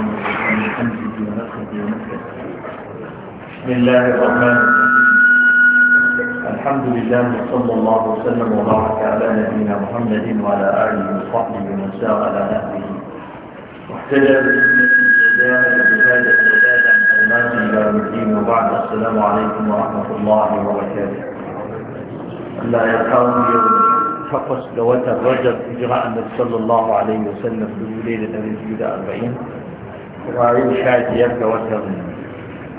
بسم الله الرحمن الحمد لله صلى الله وسلم وبارك على نبينا محمد وعلى اله وصحبه ومن سار على نهجه واهتدى بسنته بهذا الاستاذ عن حرمات الى يوم وبعد السلام عليكم ورحمه الله وبركاته لا يرحمني فقس لوات الرجل اجراء النبي صلى الله عليه وسلم في ليله الاربعين وعين شاهد يبدأ وتغني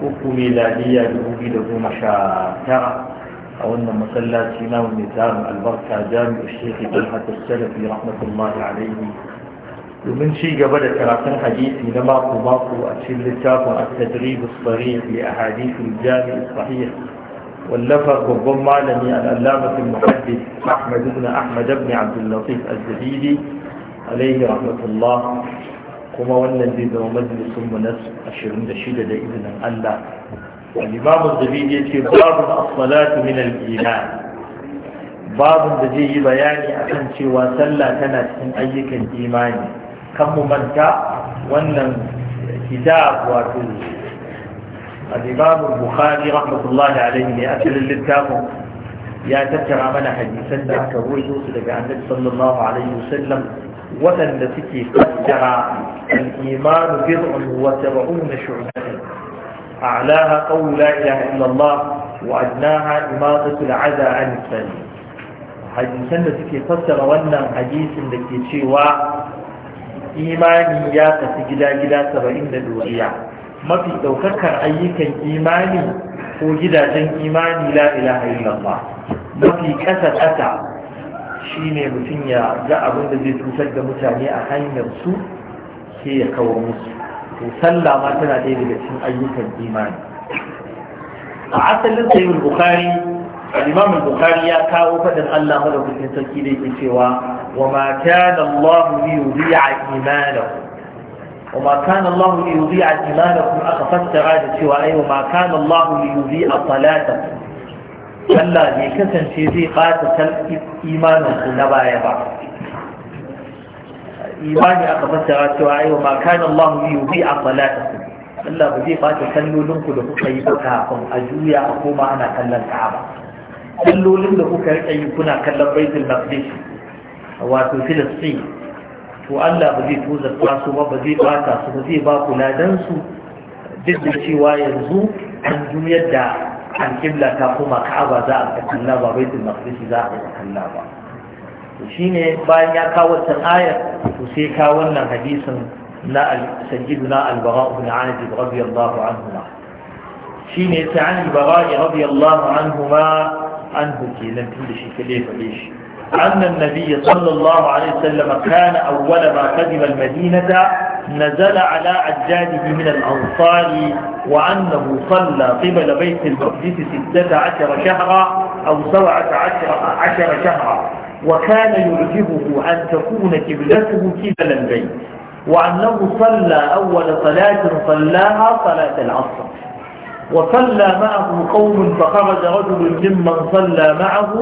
وكم إلى لي دعوه أو أن مسلا سنا ونزام البركة جامع الشيخ طلحة السلفي رحمة الله عليه ومن شيء قبل ثلاثين حديث لما قماط أشيل لتاف التدريب الصريح في أحاديث الجامع الصحيح واللفظ ربما لني أن ألامة المحدث أحمد بن أحمد بن عبد اللطيف الزبيدي عليه رحمة الله kuma wannan zai zama majalisun mu na 26 da izinin Allah al-imamu zabidi yace babu as-salatu min al-iman Babu da zai yi bayani akan cewa sallah tana cikin ayyukan imani kan mu manta wannan kitab wato al imam bukhari rahmatullahi alayhi ne asalin littafin ya tattara mana hadisan da aka ruwaito su daga annabi sallallahu alaihi wasallam waɗanda suke fassara alimanu imanu bid'un wa sab'una shu'batan a'laha qawlu la ilaha wa adnaha imatatu al-'adha 'an al hadisan da suke fassara wannan hadisin da ke cewa imani ya tafi gida-gida saba'in da doriya mafi ɗaukakar ayyukan imani ko gidajen imani la ilaha illallah mafi ƙasa ƙasa shine mutum ya ga abin da zai cutar da mutane a hanyar su sai ya kawo musu to sallah ma tana ɗaya daga cikin ayyukan imani a asalin sayyid bukhari bukari, imam bukari ya kawo fadin Allah madaukakin sarki da yake cewa wa ma kana Allah wa ma kana Allah aka fassara da cewa ai wa ma kana Allah salatakum Allah bai kasance zai ɓata imanin na baya ba imani aka fassara cewa ayo ma kana Allah bi yubi a su. Allah ba zai ɓata sallolin ku da kuka yi ba kafin a juya a koma ana kallon Ka'aba sallolin da kuka rika yi kuna kallon Baitul Maqdis wato Filistin to Allah ba zai tozarta su ba ba zai ɓata su ba zai ba ku ladan su duk da cewa yanzu an juyar da alƙibla ta koma ka'aba za a kalla ba baitul maqdis za a kalla ba to bayan ya kawo wannan ayar to sai ka wannan hadisin na sayyiduna al-bara ibn azib radiyallahu anhu shine sai an al-bara radiyallahu anhu ma an tun da shi kade fade shi أن النبي صلى الله عليه وسلم كان أول ما قدم المدينة نزل على أجداده من الأنصار وأنه صلى قبل بيت المقدس ستة عشر شهرا أو سبعة عشر, عشر شهرا وكان يعجبه أن تكون قبلته قبل البيت وأنه صلى أول صلاة صلاها صلاة العصر وصلى معه قوم فخرج رجل ممن صلى معه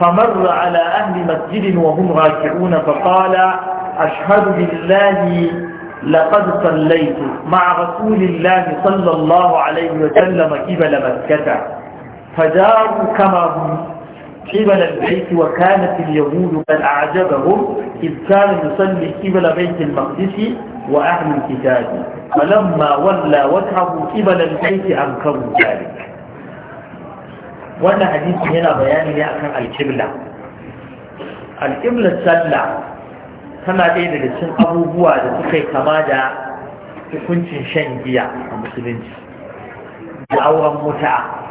فمر على أهل مسجد وهم راكعون فقال أشهد بالله لقد صليت مع رسول الله صلى الله عليه وسلم قبل مكة فجاروا كما هم قبل البيت وكانت اليهود قد أعجبهم إذ كان يصلي قبل بيت المقدس وأهل الكتاب فلما ولى وجهه قبل البيت أنكروا ذلك وأنا حديث هنا بيان لي أكثر القبلة القبلة السلة كما دين لسن أبو بوا لسكي كما دا كنت شنجية المسلمين da auren muta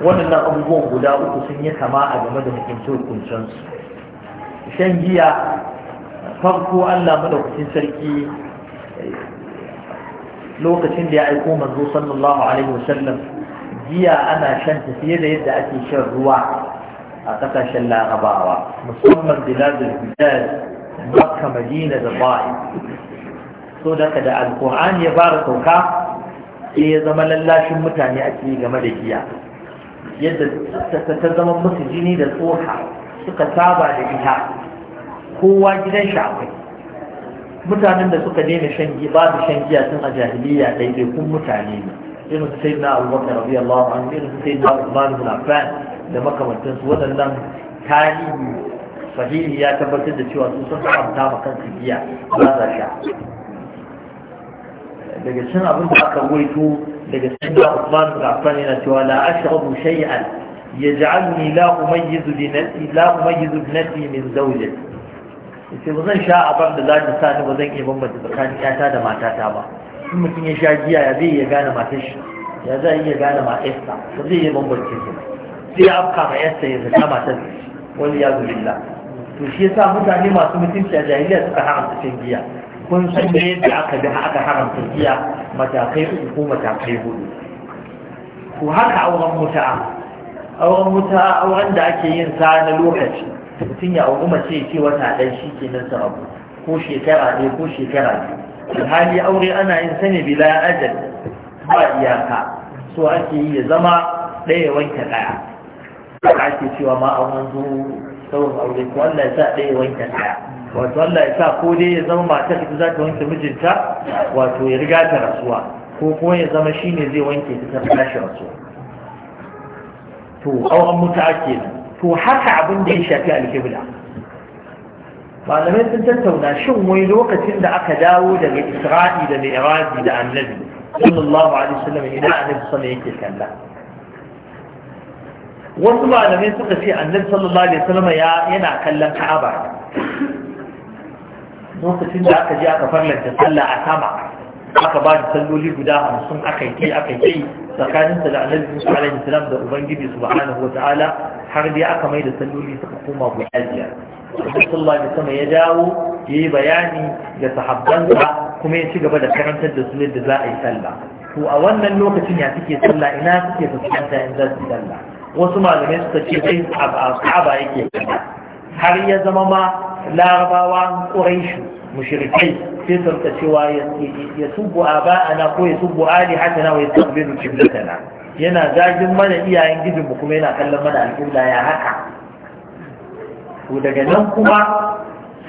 waɗannan abubuwan guda uku sun yi kama a game da hukunce hukuncensu shan giya farko Allah madaukakin sarki lokacin da ya aiko manzo sallallahu alaihi wasallam giya ana shan ta fiye da yadda ake shan ruwa a kasashen larabawa musamman biladul hijaz makka madina da ba'i so daga da alkur'ani ya fara sauka sai ya zama lallashin mutane ake game da giya yadda ta zama musu jini da tsoka suka saba da ita kowa gidan shi akwai mutanen da suka daina shan giya babu shan giya tun a jahiliya kun mutane ne irin su na abubakar radiyallahu anhu irin su na usman ibn affan da makamantansu waɗannan tarihi sahihi ya tabbatar da cewa su sun haramta ma kansu giya ba za sha daga cin abin da aka waito daga sanda Usman bin Affan yana cewa la ashrabu shay'an yaj'alni la umayyizu bi nafsi la umayyizu bi nafsi min zawjati yace ba zan sha abar da za ta sa ni ba zan iya bambanta tsakanin 'yata da matata ba in mutum ya sha giya ya zai iya gane matar shi ya zai iya gane matarsa ba zai iya bambanta shi sai ya afka ma ƴarsa ya zaka matar wani ya zubilla to shi yasa mutane masu mutunci a jahiliya suka haramta shan giya kun san da yadda aka da aka haramta giya matakai uku ko matakai hudu ko haka auren mutu'a auren mutu'a auren da ake yin sa na lokaci mutum ya auri mace ce wata ɗan shi kenan sa abu ko shekara ɗaya ko shekara biyu hali aure ana yin sani bila ajal ba iyaka so ake yi ya zama ɗaya wanke ɗaya ake cewa ma auren zuwa sauran aure ko Allah ya sa ɗaya wanke ɗaya wato Allah ya sa ko dai ya zama matar ita za ta wanke mijinta wato ya riga ta rasuwa ko kuma ya zama shi ne zai wanke ta ta tashi rasuwa to auren mutu'a kenan to haka abin da ya shafi alkibla malamai sun tattauna shin wai lokacin da aka dawo daga isra'i da mi'raji da annabi sallallahu alaihi wasallam idan annabi sallallahu yake kalla wasu malamai suka ce annabi sallallahu alaihi wasallam yana kallon ka'aba lokacin da aka je aka farlanta sallah a sama aka ba da salloli guda hamsin aka yi aka yi tsakaninsa da annabi musa alaihi salam da ubangiji subhanahu wa har dai aka mai da salloli suka koma guda biyar sallallahu alaihi ya dawo yayi bayani ga sahabbansa kuma ya ci gaba da karantar da su yadda za a yi sallah to a wannan lokacin ya suke sallah ina suke fuskanta in za su sallah wasu malamai suka ce sai a ka'aba yake sallah har ya zama ma larabawa ƙuraishu mushrikai sai sarka cewa ya subu a ba'ana ko ya subu ali hatana wa ya tabbiru kiblatana yana zagin mana iyayen gidinmu kuma yana kallon mana alƙibla ya haka to daga nan kuma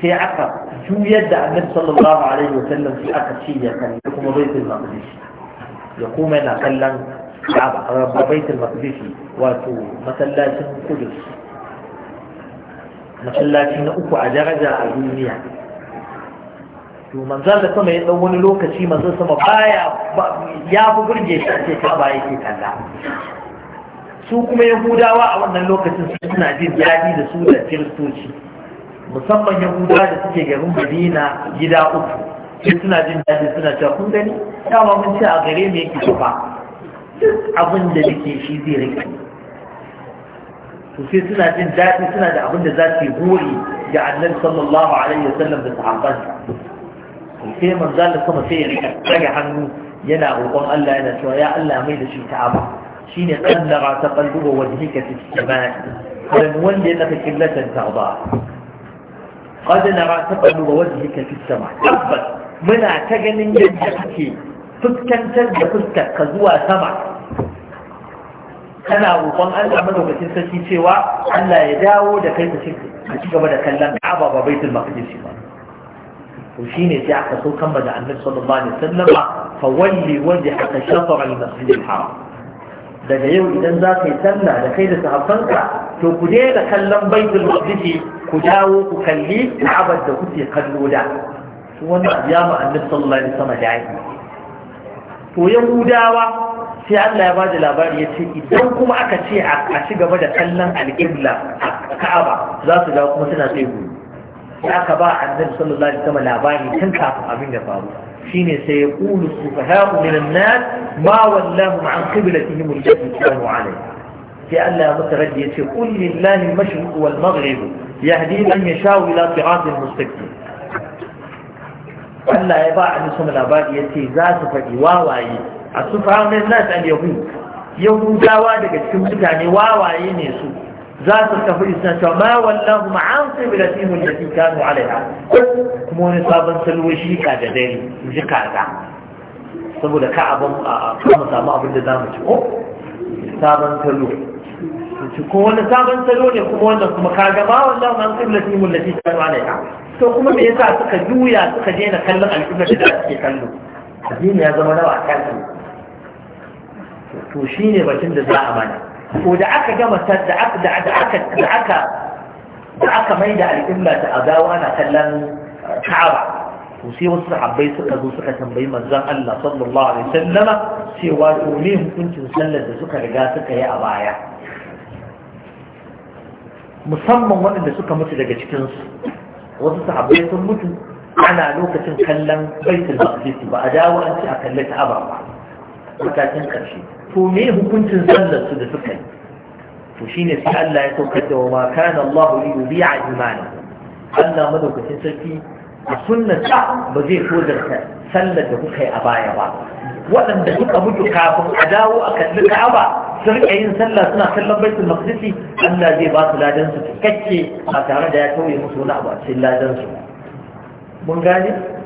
sai aka juyar da annabi sallallahu alaihi wa sallam sai aka ce ya kalli kuma baitul maqdis ya kuma yana kallon baitul maqdis wato masallacin kudus masallaci na uku a daraja a duniya to manzo da sama ya dau wani lokaci manzo sama baya ya fi burge shi a ce ka ba yake kalla su kuma yahudawa a wannan lokacin suna jin daɗi da su da kiristoci musamman yahudawa da suke garin madina gida uku sai suna jin daɗi suna cewa kun gani dama mun ce a gare mu yake kafa abin da nake shi zai rike to sai suna jin daɗi suna da abin da za su yi gori ga annabi sallallahu alaihi wa sallam da sahabbansa sai manzo Allah kuma sai ya rage hannu yana roƙon Allah yana cewa ya Allah mai da shi ta'aba shine tsallara ta qalbuhu wajhika fi samai dan wanda ya tafi killatan ta'aba qad nara ta qalbuhu wajhika fi samai tabbas muna ta ganin yadda kake fuskantar da fuskar ka zuwa sama kana roƙon Allah madaukakin sarki cewa Allah ya dawo da kai ka ci gaba da kallon Ka'aba ba Baitul Maqdis ba to shine sai aka so kan da Annabi sallallahu alaihi wasallam fa walli wajhaka shatr al-masjid al-haram daga yau idan za ka yi sallah da kai da sahabbanka to ku daina kallon Baitul Maqdis ku dawo ku kalli Ka'aba da kuke kallo da wannan ya ma Annabi sallallahu alaihi wasallam da'i to Yahudawa sai Allah ya bada labari ya ce idan kuma aka ce a ci gaba da kallon alƙibla a ka'aba za su dawo kuma suna sai tsaye sai aka ba annabi sallallahu alaihi wasallam labari tun kafin abin da faru shine sai ya qulu sufaha'u minan nas ma wallahu an qiblatihim allati kanu alaiha sai Allah ya masa raddi yace qul lillahi al-mashriq wal maghrib yahdi man yasha'u ila siratin mustaqim Allah ya ba a sallallahu alaihi wasallam labari yace za su faɗi wawaye a sufa min nas al yahu yahudawa daga cikin mutane wawaye ne su za su tafi isa ta ma wallahu ma'an qiblatihi allati kanu alaiha kuma wani sabon salwo shi ka da dare ji kaza saboda ka abun a mu samu abin da zamu ci ko sabon salo ci ko wani sabon salo ne kuma wannan kuma ka ga ma wallahu ma'an qiblatihi allati kanu alaiha to kuma me yasa suka juya suka daina kallon al'ummar da suke kallo addini ya zama nawa a kansu to shine bakin da za a bani ko da aka gama da aka da aka da aka da aka mai da al'umma ta azawa na kallan ka'aba to sai wasu sahabbai suka zo suka tambayi manzon Allah sallallahu alaihi wasallam cewa to me hukuncin sallar da suka riga suka yi a baya musamman waɗanda suka mutu daga cikin su wasu sahabbai sun mutu ana lokacin kallon baitul maqdis ba a dawo an ci a kalli ta'aba ba matakin karshe to me hukuncin sallar su da suka yi to shine sai Allah ya saukar da wa kana Allah li yubi'a imana Allah madaukakin sarki a sunnata ba zai tozarta sallar da kuka yi a baya ba waɗanda suka mutu kafin a dawo a kalli ka'aba sun rike yin sallah suna kallon baitul maqdisi Allah zai ba su ladan su cikakke ba tare da ya tauye musu wani abu a cikin ladan su mun gane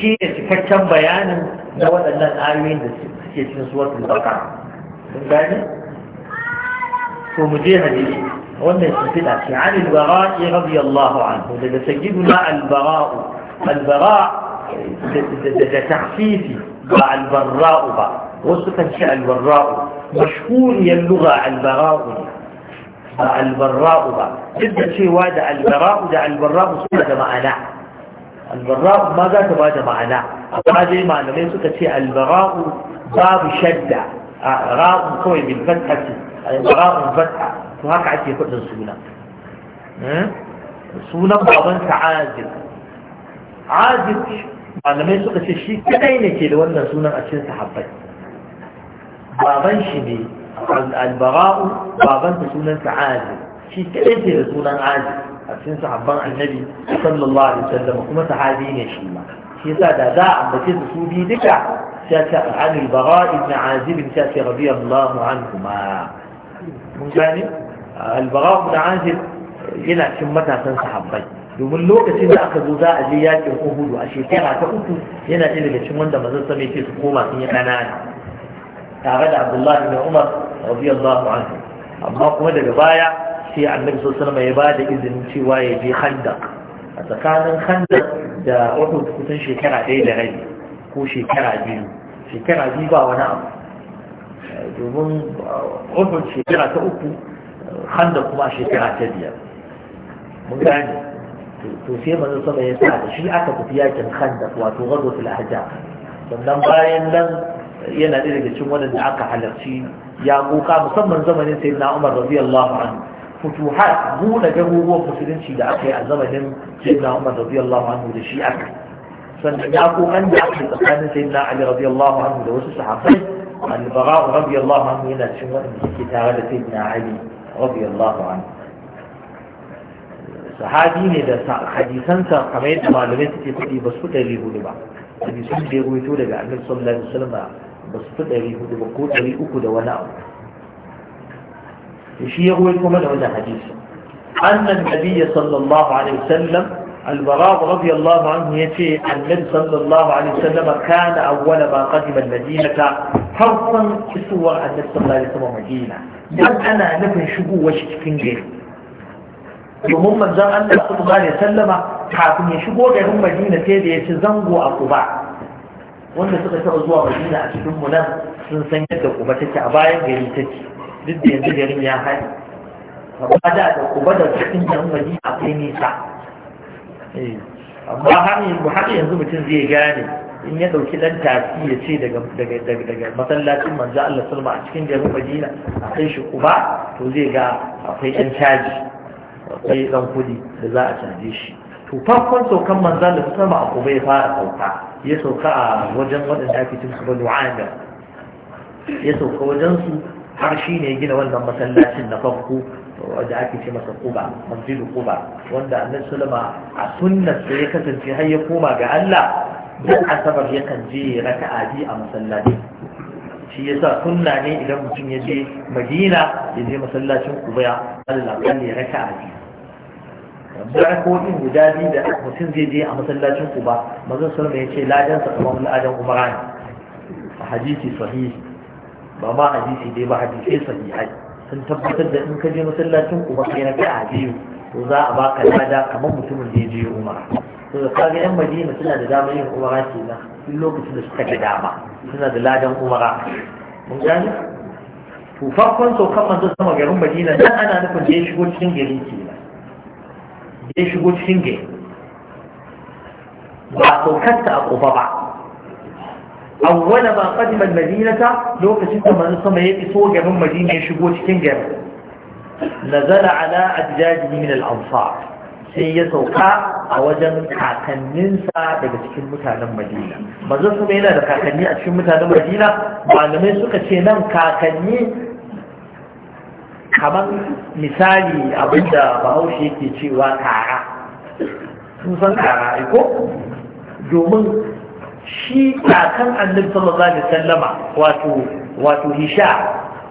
shi ne cikakken bayanin na waɗannan ayoyin da suke cikin suwatul baka mun gane to mu je hadisi wannan sifila ce an al-bara'i radiyallahu anhu daga sayyiduna al-bara'u al-bara' da tahfifi ba al-barra'u ba wasu kan ce al-barra'u mashhuriyar lugha al-bara'u ba al-barra'u ba duk da cewa da al-bara'u da al-barra'u suna da ma'ana albara'u ma za ta ba da ma'ana amma dai malamai suka ce albara'u babu shadda a ra'u kawai bil fathati albara'u fatha to haka ake faɗin suna eh? sunan babansa azib azib malamai suka ce shi kadai ne ke da wannan sunan a cikin sahabbai baban shi ne albara'u babansa sunansa azib shi kadai ke da sunan azib a cikin sahabban annabi sallallahu alaihi wasallam kuma sahabi ne shi ma shi yasa da za a ambace su su bi duka sai ta an al-bara ibn azib ta ce radiyallahu anhuma mun gane al-bara ibn azib yana cikin matasan sahabbai domin lokacin da aka zo za a je yakin uhudu a shekara ta uku yana ɗaya daga cikin wanda mazan sama yake su koma sun yi ƙanana tare da abdullahi bin umar radiyallahu anhu amma kuma daga baya sai annabi sallallahu alaihi wasallam ya ba da izinin cewa ya je khandaq a tsakanin khandaq da uhud kusan shekara 1 da rai ko shekara 2 shekara 2 ba wani abu domin uhud shekara ta uku khandaq kuma shekara ta biyar mun gane to sai manzo sama ya sa shi aka tafi yakin khandaq wato ghazwatul ahzab sannan bayan nan yana ɗaya daga cikin waɗanda aka halarci ya kuka musamman zamanin sayyidina umar radiyallahu anhu futuhat buɗe garuruwan musulunci da aka yi a zamanin sayyidina Umar radiyallahu anhu da shi aka sannan ya ko an da aka tsakanin sayyidina Ali radiyallahu anhu da wasu sahabbai al-Bara radiyallahu anhu yana cikin waɗanda suke tare da sayyidina Ali radiyallahu anhu sahabi ne da hadisansa kamar yadda malamai suke faɗi ba su ɗari hudu ba hadisan da ya ruwaito daga annabi sallallahu alaihi wasallam ba su ɗari hudu ba ko ɗari uku da wani abu shi ya goyi kuma da wannan hadisi annan nabiyya sallallahu alaihi sallam albarabu ya ce annan sallallahu alaihi sallama kana awwala ba qadima ta farkon isuwar annan sallallahu alaihi sallama madina dan ana nufin shigowar shi cikin gari domin manzon Allah sallallahu alaihi sallama kafin ya shigo garin madina sai da ya ci zango a kuba wanda suka taɓa zuwa madina a cikin mu nan sun san yadda kuma take a bayan gari take duk da yanzu garin ya haɗe amma da da kuma da cikin yan a akwai nisa eh, amma har yanzu mutum zai gane in ya ɗauki ɗan tafi ya ce daga masallacin manzo Allah sulma a cikin garin madina kai shi kuma to zai ga akwai ɗan caji akwai ɗan kuɗi da za a caje shi to farkon saukan manzo Allah sama a kuma ya fara sauka ya sauka a wajen waɗanda ake cin su ba lu'ada ya sauka wajen su har shi ne gina wannan masallacin na farko da ake ce masa kuba masjidu kuba wanda annabi sallama a sunnar sai ya kasance har ya koma ga Allah duk asabar yakan je raka'a bi a masallaci shi yasa sunna ne idan mutum ya je Madina ya je masallacin Kuba Allah kan ya raka'a bi barakokin guda biyu da mutum zai je a masallacin Kuba mazan sallama ya ce ladan sa kamar ladan umara hadisi sahih ba ma hadisi dai ba hadisai sahihai sun tabbatar da in ka je masallacin uba kai na kai a to za a baka lada kamar mutumin da ya je umara to da kaga yan madina suna da damar yin umara kenan duk lokacin da suka ga dama suna da ladan umara mun gani to farkon saukan manzo sama garin madina dan ana nufin da ya shigo cikin gari kenan da ya shigo cikin gari ba saukarta a kofa ba awwala ba qadima al-madinata lokacin da manzo sama ya iso gaban madina ya shigo cikin gari nazala ala ajdadihi min al sai ya sauka a wajen kakanninsa daga cikin mutanen madina manzo sama yana da kakanni a cikin mutanen madina malamai suka ce nan kakanni kamar misali abinda bahaushe yake cewa kara sun san kara ko domin shi kakan annabi sallallahu alaihi wasallama wato wato hisha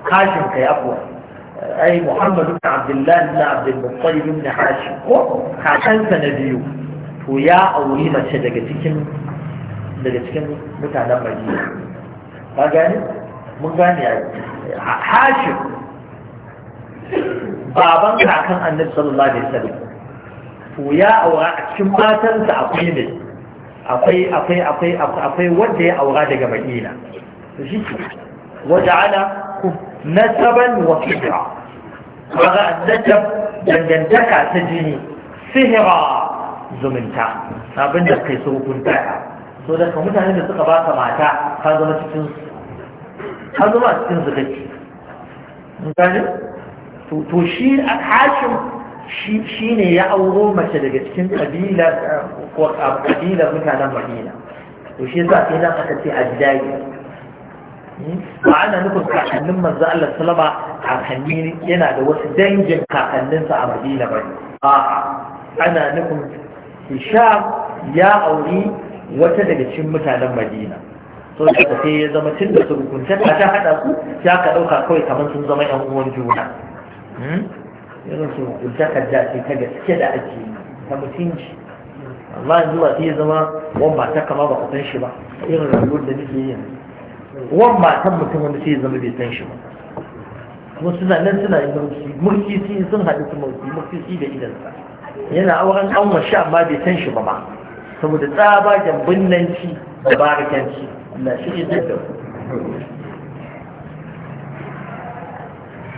kashin kai afwa ai muhammadu ibn abdullah ibn abdul muttalib ibn Hashi. ko kakansa na biyu to ya auri mace daga cikin daga cikin mutanen madina ka gane mun gane Hashi. baban kakan annabi sallallahu alaihi wasallam to ya aura a cikin matansa akwai ne akwai akwai akwai akwai wanda ya aura daga madina shi waja'ala nasaban wa sihra kaga annajab dangantaka ta jini sihra zumunta abin da kai su hukunta so da ka mutane da suka baka mata ka zama cikin ka zama cikin su kake mun to shi hashim shi ne ya auro mace daga cikin kabilar a ƙabilar mutanen madina to shi yasa sai nan aka ce addai hmm? ba ana nufin kakannin manzo Allah sallama kakanni yana da wasu dangin kakanninsa a madina ba a'a ana nufin hisham ya auri wata daga cikin mutanen madina so da sai ya zama tun da surukunta ta ta hada su ya ka ɗauka kawai kamar sun zama yan uwan juna hmm? irin surukunta ka da ta gaske da ake ta mutunci amma yanzu ba zama wan ba ta kama ba ka san shi ba irin rayuwar da nake yi wan matan ta mutum wanda sai zama bai san shi ba kuma suna nan suna yin mulki mulki sai sun haɗu su mulki mulki sai da idansa yana auren an wa sha amma bai san shi ba ba saboda tsaba da binnanci da barakanci Allah shi ne da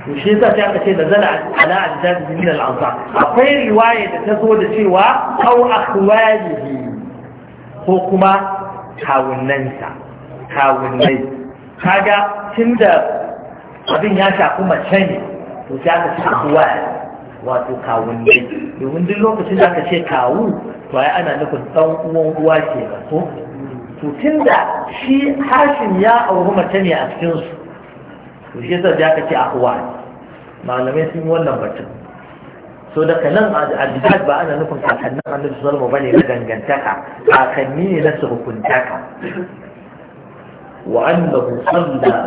to shi yasa sai aka ce da zala ala ajdad min al ansar akwai riwaya da ta zo da cewa aw akhwalihi ko kuma kawunnansa kawunnai kaga tunda abin ya shafi mace ne to sai aka ce akhwali wato kawunnai domin duk lokacin da aka ce kawu to ai ana nufin dan uwan uwa ke ko to tunda shi hashin ya auri mace ne a cikin su to shi yasa da aka ce akhwat malamai sun yi wannan batun so daga nan ajdad ba ana nufin kakannin annabi sallallahu alaihi wasallam bane na dangantaka kakanni ne na suhukuntaka wa annahu salla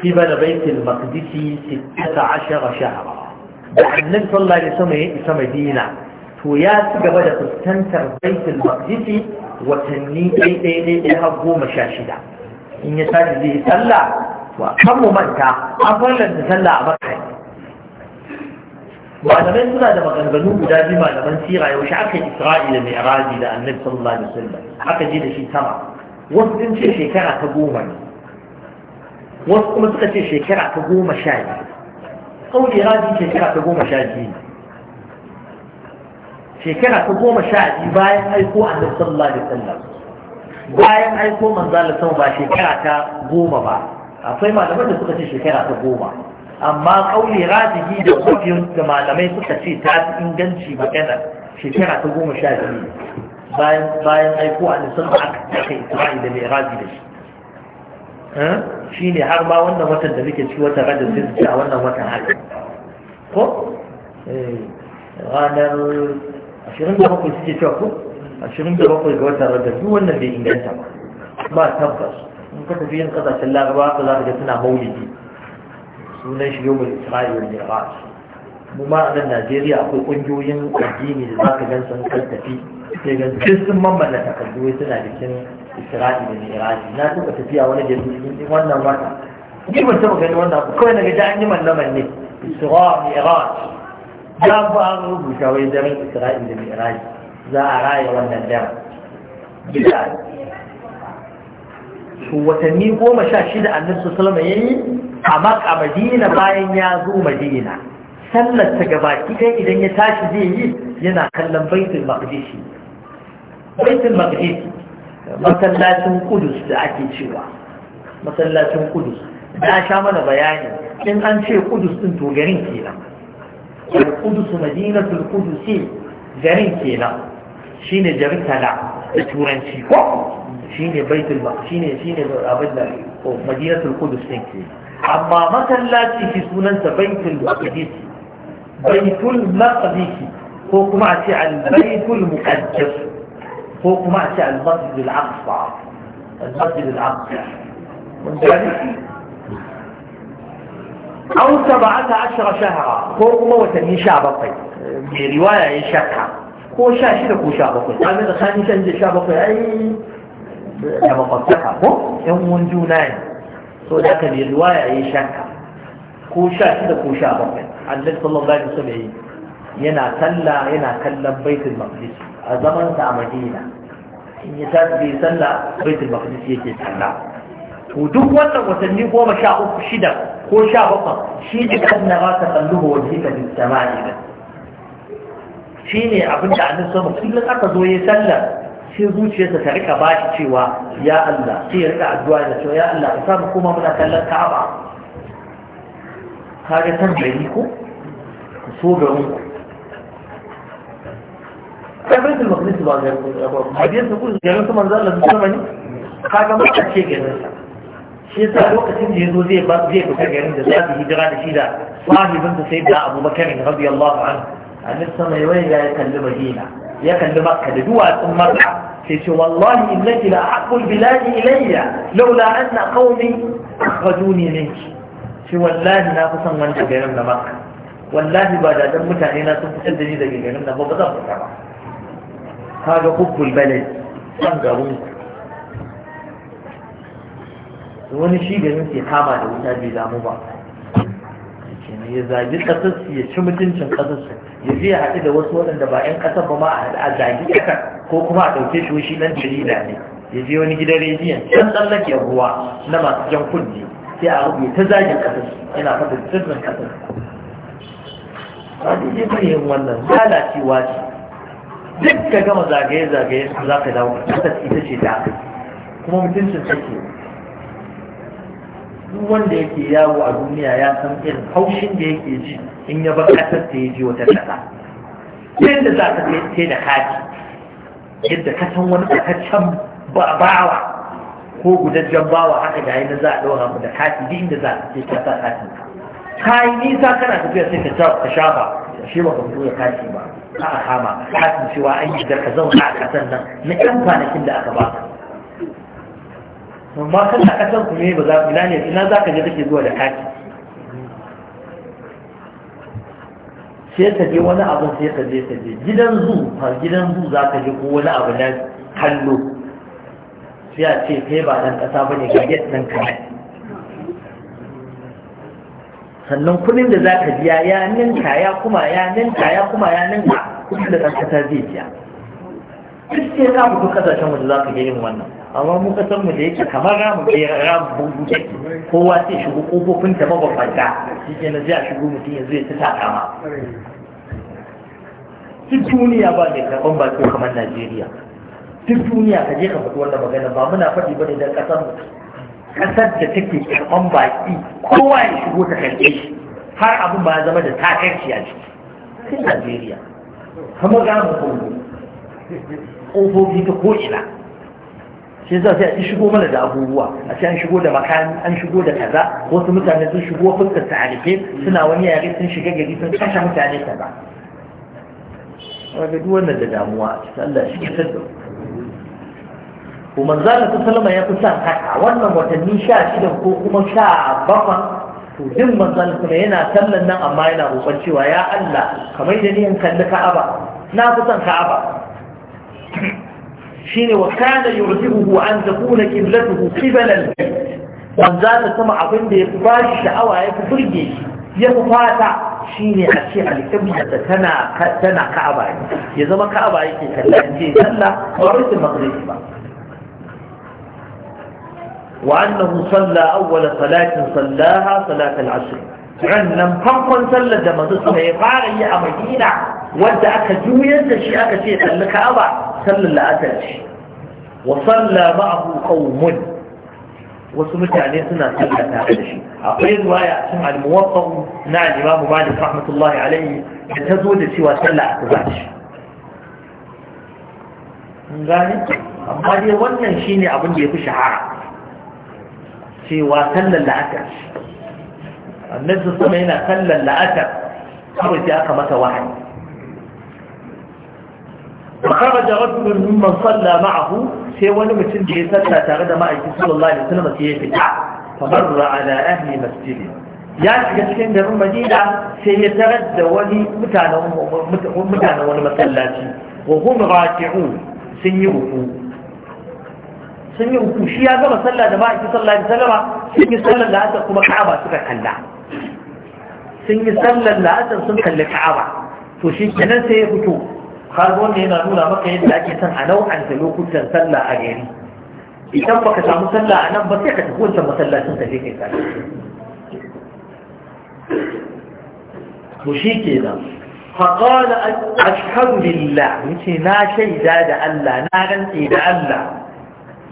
qibala bayt al-maqdis 16 shahra da annabi sallallahu alaihi wasallam ya isa madina to ya ci gaba da fuskantar baitul maqdis watanni ɗaya ɗaya ɗaya har goma sha shida in ya tashi zai sallah wa kan mu manta an farlanta sallah a makka malamai suna da maganganu guda biyu malaman sira yaushe aka yi isra'ila mai arazi da annabi sallallahu alaihi wasallam aka je da shi sama wasu sun ce shekara ta goma ne wasu kuma suka ce shekara ta goma sha biyu saudi arazi shekara ta goma sha biyu ne shekara ta goma sha biyu bayan aiko annabi sallallahu alaihi wasallam bayan aiko manzo Allah ba shekara ta goma ba akwai malamai da suka ce shekara ta goma amma kauli radihi da kofin da malamai suka ce ta fi inganci magana shekara ta goma sha biyu bayan bayan aiko a nisan ba aka kai isra'i da mai radi da shi shi ne har ma wannan watan da muke ci wata rajin sai su ce a wannan watan haka ko ranar ashirin da bakwai suke cewa ko ashirin da bakwai ga watan rajin duk wannan bai inganta ba ba tabbas in ka tafi yin kasashen larabawa ka za ka ga suna maulidi sunan shi yau mai isra'il wal mi'raj mu ma a nan Najeriya akwai ƙungiyoyin addini da za ka gan sun kan tafi sai gan duk sun mamman da wai suna bikin isra'il da mi'raj na taɓa tafiya wani jirgin jami'in wannan wata ni ban taɓa gani wannan ku. kawai na ga da an yi mallaman ne isra'il mi'raj ya ba an rubuta wai daren isra'il da mi'raj za a raya wannan daren to watanni goma sha shida annabi sallama ya yi a maka madina bayan ya zo madina sallar ta gabaki dai idan ya tashi zai yi yana kallon baitul maqdis baitul maqdis masallacin kudus da ake cewa masallacin kudus na sha mana bayani in an ce kudus din to garin kenan al-qudus madinatul kudusi garin kenan shine jaritala da turanci ko شيني بيت المقدس شيني شيني عبدنا او مدينه القدس تنكي اما مثلا لا لاتي في انت بيت المقدس بيت المقدس فوق ما تاع البيت المقدس فوق ما تاع المسجد الاقصى المسجد الاقصى او سبعة عشر شهرا فوق ما وتني شعب الطيب برواية شكا هو شنو هو شعب الطيب عمد خانشا شعب الطيب da makwabtaka ko yan uwan juna ne so da aka ne riwaya ya yi shakka ko sha shida ko sha bakwai annabi sallallahu alaihi wasallam yana sallah yana kallon baitul maqdis a zaman sa a madina in ya tashi sallah baitul maqdis yake sallah to duk wannan watanni goma sha uku shida ko sha bakwai shi ne kan na ba ka kalluhu wajen ka jin sama'i shi ne abin da annabi sallallahu alaihi wasallam kullum aka zo ya sallah. sai zuciyarsa ta rika ba shi cewa ya Allah sai ya rika addu'a da cewa ya Allah ka samu kuma muna kallon Ka'aba Ka ga san gari ko ku so garin ku kai bai da maqdis ba ga hadiyar ku garin su manzo Allah sun Ka kaga maka ce garin sa shi yasa lokacin da yazo zai ba zai fita garin da za su hijira da shi da sahibin sa sayyidina Abu Bakar radiyallahu anhu annabi sama ya kalli Madina Yakan kalli makka da duwatsun makka Ke ce wallahi in innaki la haqqul biladi ilayya laula anna qaumi akhrajuni minki shi wallahi na fi son wanda garin da makka wallahi ba da dan mutane na sun fitar da ni daga garin da ba ba zan fita ba kaga hubbul balad san garin wani shi garin ke kama da wuta bai damu ba kenan ya zagi kasarsu ya ci mutuncin kasarsu ya je ya haɗu da wasu waɗanda ba 'yan ƙasar ba ma a haɗu a zagi ƙasar ko kuma a ɗauke shi ɗan nan jarida ne ya je wani gidan rediyon can tsallake ruwa na masu jan kunne sai a rubuta ta zagin ƙasarsu yana fata sirrin ƙasar ba da je yin wannan lalacewa ce duk ka gama zagaye-zagaye za ka dawo ƙasar ita ce ta kuma mutuncin take duk wanda yake yawo a duniya ya san irin haushin da yake ji in ya bar ƙasar ta ya ji wata ƙasa yadda za ka kai da kaji yadda ka san wani ɓataccen bawa ko gudajjen bawa haka da yana za a ɗora mu da kati duk inda za ka kai ka sa katin ka yi nisa kana tafiya sai ka shafa shi ba ka fito da kati ba ka a kama katin cewa an yi da ka zauna a ƙasar nan na ƴan kwanakin da aka baka amma kan a kasan ku ne ba za ina ne ina za ka je take zuwa da kaki sai ka je wani abin sai ka je ka je gidan zu ha gidan zu za ka je ko wani abu na kallo sai a ce kai ba dan kasa bane ga get nan kai sannan kudin da za ka biya ya ninka ya kuma ya ninka ya kuma ya ninka kudin da ɗan ta zai biya duk sai ka fito kasashen wanda za ka gani yin wannan amma mu kasar mu da yake kamar ramu ke ramu bugu take kowa sai shigo kofofin ta mabambanta shi ke na zai shigo mutum ya ya ta takama duk duniya ba mai karɓan baki kamar najeriya duk duniya ka je ka faɗi wannan magana ba muna faɗi ba ne don ƙasar mu ƙasar da take karɓan baki kowa ya shigo ta karɓe shi har abin ba ya zama da takarci a ciki sai najeriya kamar ramu bugu ƙofofi ta ko'ina shi za sai a shigo mana da abubuwa a ce an shigo da makami an shigo da kaza wasu mutane sun shigo fuskar alifai, suna wani yare sun shiga gari sun kashe mutane kaza wadda duk wannan da damuwa a cikin Allah shi ke saddau kuma za ta salama ya fi son haka wannan watanni sha shida ko kuma sha bakwan to din manzan kuma yana sallan nan amma yana roƙon cewa ya Allah kamar da ni in kalli Ka'aba na fi son Ka'aba shine wakana kana yu'tibuhu an takuna qiblatuhu qibala al-bayt ta sama abin da ya fi bashi sha'awa ya fi burge shi ya fi fata shine a ce alƙibla tana tana ka'aba ya zama ka'aba yake kalla in ce sallah ba rufe maqdis ba وأنه صلى أول صلاة صلاها صلاة العصر عندما فقط ya fara yi a أمدينة wanda aka juyar da shi aka ce salli ka'aba sallin la'asar ce wa salla ma'ahu qaumun wasu mutane suna salla tare da shi akwai riwaya cin al-muwaffaq na al-imam Malik rahmatullahi alayhi da ta zo da cewa sallah asuba ce gane amma dai wannan shine abin da yafi shahara cewa sallar la'asar annabi sallallahu alaihi wasallam yana sallar la'asar kawai sai aka masa wahayi فخرج رجل ممن صلى معه sai wani mutum da ya salla tare da ma'aikin sallallahu alaihi wasallam sai ya fita famarra ala ahli masjid ya shiga cikin garin Madina sai ya tarar da wani mutanen mutanen wani masallaci wa hum raki'un sun yi ruku sun yi ruku shi ya gama sallah da ma'aikin sallallahu alaihi wasallam sun yi sallar da la'asar kuma Ka'aba suka kalla sun yi sallar la'asar sun kalli Ka'aba to shi kenan sai ya fito har wanda yana nuna maka yadda ake son a nau'anta lokutan sallah a gari idan baka samu sallah a nan ba sai ka tafi wancan masallacin ka je kai sallah to shi kenan فقال أشهد na يتي da Allah, دا الله نا رنتي دا الله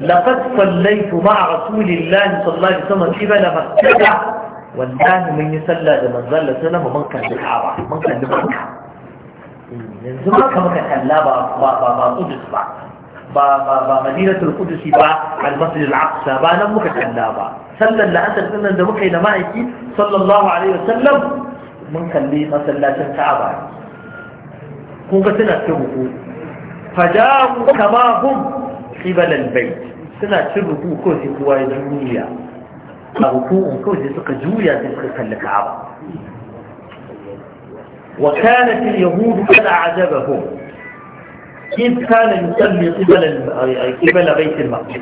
لقد صليت مع رسول الله صلى الله عليه وسلم قبل مكة والله من يصلى لمن ظل سلم ومن كان بالحرى من kalli بمكة زمان كما كان لا با المسجد با با قدس با با با با مدينة القدس با المسجد العقصى با نمك كان لا با صلى الله أنت قلنا إلى مائكي صلى الله عليه وسلم من كان لي مثلا لا تنسى عبا كون قتنا تبقوا فجاءوا كما هم قبل البيت سنا تبقوا كوزي قوائد جوية أو كوزي تقجوية تبقى كالكعبة وكانت اليهود قد أعجبهم إذ كان يصلي قبل قبل بيت المقدس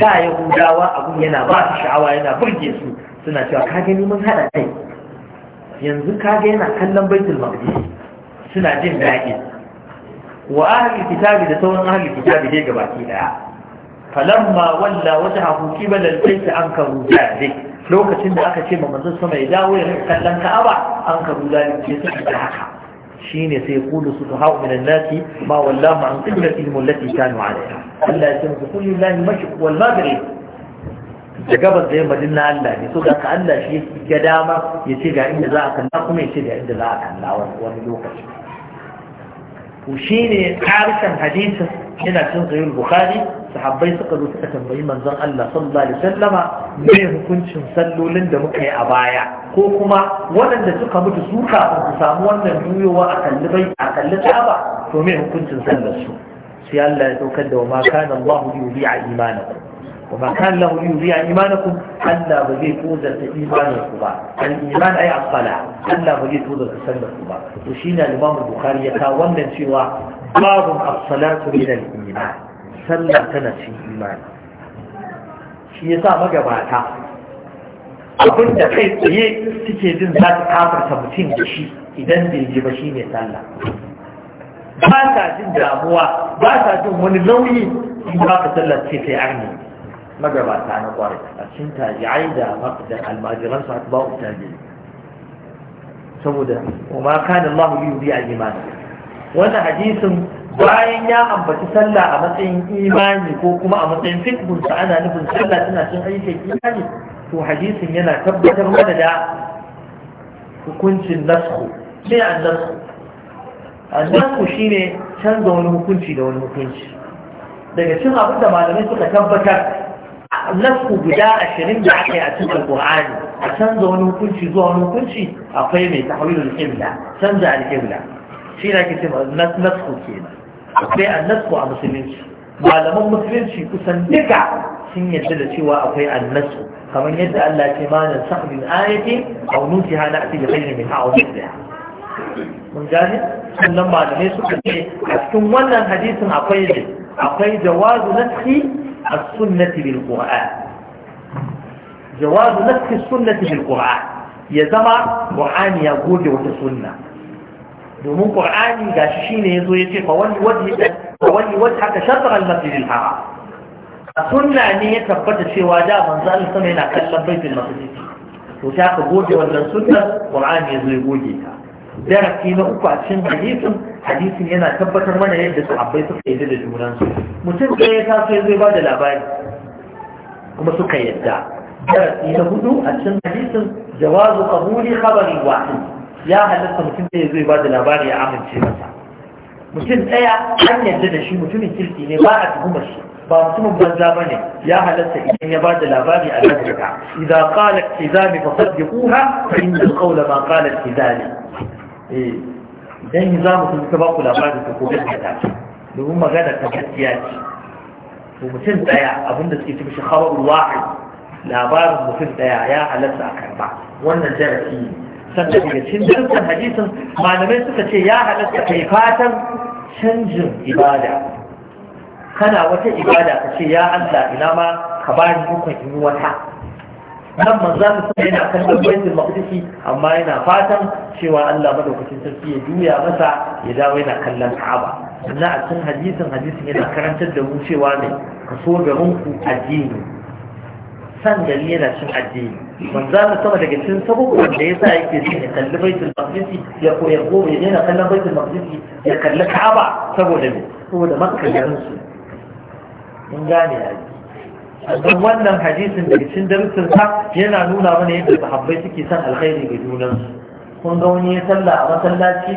دا يهودا أبو ينا باش شعوا ينا برجس سنة شوى كاجني من هذا أي ينزل كاجي ينا كلم بيت المقدس سنة جن داعي وأهل الكتاب ده سوى أهل الكتاب ده جباكي فلما ولى وجهه قبل البيت أنكروا ذلك lokacin da aka ce ma manzon sama ya dawo ya kallon ka'aba an karu zalunci sai da haka shine sai yaqulu sufaha min an-nasi ma wallahu an qiblati allati kanu alaiha Allah ya ce musu kullu lillahi mashq wal maghrib da gabas da yamma dinna Allah ne so da ka Allah shi ya dama ya ce ga inda za a kalla kuma ya ce ga inda za a kalla wani lokaci to ne karshen hadisin yana cin sahih bukhari sahabbai suka zo suka tambayi manzon Allah sallallahu alaihi wasallama me hukuncin sallolin da muka yi a baya ko kuma waɗanda suka mutu su kafin su samu wannan juyowa a kalli bai a kalli tsaba to me hukuncin sallar su sai Allah ya ɗaukar da wa ma kana Allah yubi'a imanakum وما كان له ليضيع إيمانكم ألا بذي توزر إيمان الكبار الإيمان أي الصلاة ألا بذي توزر سنة الكبار وشينا الإمام البخاري يتاولا سوى باب الصلاة من الإيمان سنة تنسي إيمان شيء ما جبعتها abin da kai tsaye suke jin za ta kafarta mutum da shi idan bai ji ba shi ne sallah ba ta jin damuwa ba ta jin wani nauyi in ba ka sallah ce sai arni magabata na kwarai a cikin tabi'ai da almajiran su haka ba'u tabi'i saboda kuma kana Allah bi bi al-iman wannan hadisin bayan ya ambaci sallah a matsayin imani ko kuma a matsayin fiqhun sa ana nufin sallah tana cin aikin imani to hadisin yana tabbatar mana da hukuncin nasku sai an nasku A nasku shine canza wani hukunci da wani hukunci daga cin abin da malamai suka tabbatar nasu guda ashirin da aka yi a cikin Qur'ani a canza wani hukunci zuwa wani hukunci akwai mai tahwilul qibla canza al-qibla shi ne ake ce nasu kenan akwai annasu a musulunci malaman musulunci kusan duka sun yadda da cewa akwai annasu kamar yadda Allah ke ma nan sahbi ayati aw nutiha na ati da khairin min aw mithliha mun gane sannan malamai suka ce a cikin wannan hadisin akwai akwai jawazu naskhi السنة بالقرآن جواز نسخ السنة بالقرآن يزمع قرآن يقول وتسنة domin ƙur'ani ga shi shi ne ya zo ya ce kawai wata shatar al-masjidil haram a sunna ne ya tabbata cewa da manzo Allah sama yana kallon baitul masjid to ta ka goge wannan sunnar ƙur'ani ya zo ya goge ta darasi na uku a cikin hadisin hadisin yana tabbatar mana yadda sahabbai suka yi da junansu mutum ɗaya ya taso zai ba da labari kuma suka yadda darasi na hudu a cikin hadisin jawazu qabuli khabari wahid ya halatta mutum ɗaya zai ba da labari ya amince masa mutum ɗaya an yadda da shi mutumin kirki ne ba a tuhumar shi ba mutumin banza ba ne ya halatta idan ya ba da labari a lafiyarka idan qala kizami fa saddiquha fa inna al-qawla ma qala kizami eh yi za mu kuma ba ku labarin ta ko gaskata domin magana ta gaskiya ce to mutum daya abinda suke ci mishi khabarul wahid labarin mutum daya ya halatta a karba wannan darasi ne sannan daga cikin dukkan hadisin malamai suka ce ya halatta kai fatan canjin ibada kana wata ibada ka ce ya Allah ina ma ka bani ni ikon in wata nan manzan su yana kallon baitul maqdisi amma yana fatan cewa Allah madaukakin sarki ya juya masa ya dawo yana kallon Ka'aba sannan a cikin hadisin hadisin yana karantar da mu cewa ne ka so garin ku addini san gari yana cin addini manzan sama daga cikin sabon da ya sa yake son ya kalli baitul maqdisi ya koya gobe yana kallon baitul maqdisi ya kalli Ka'aba saboda me saboda makka garin su mun gane yayi a wannan hadisin daga cikin ta yana nuna mana yadda sahabbai suke san alkhairi ga junansu kun ga wani ya salla a masallaci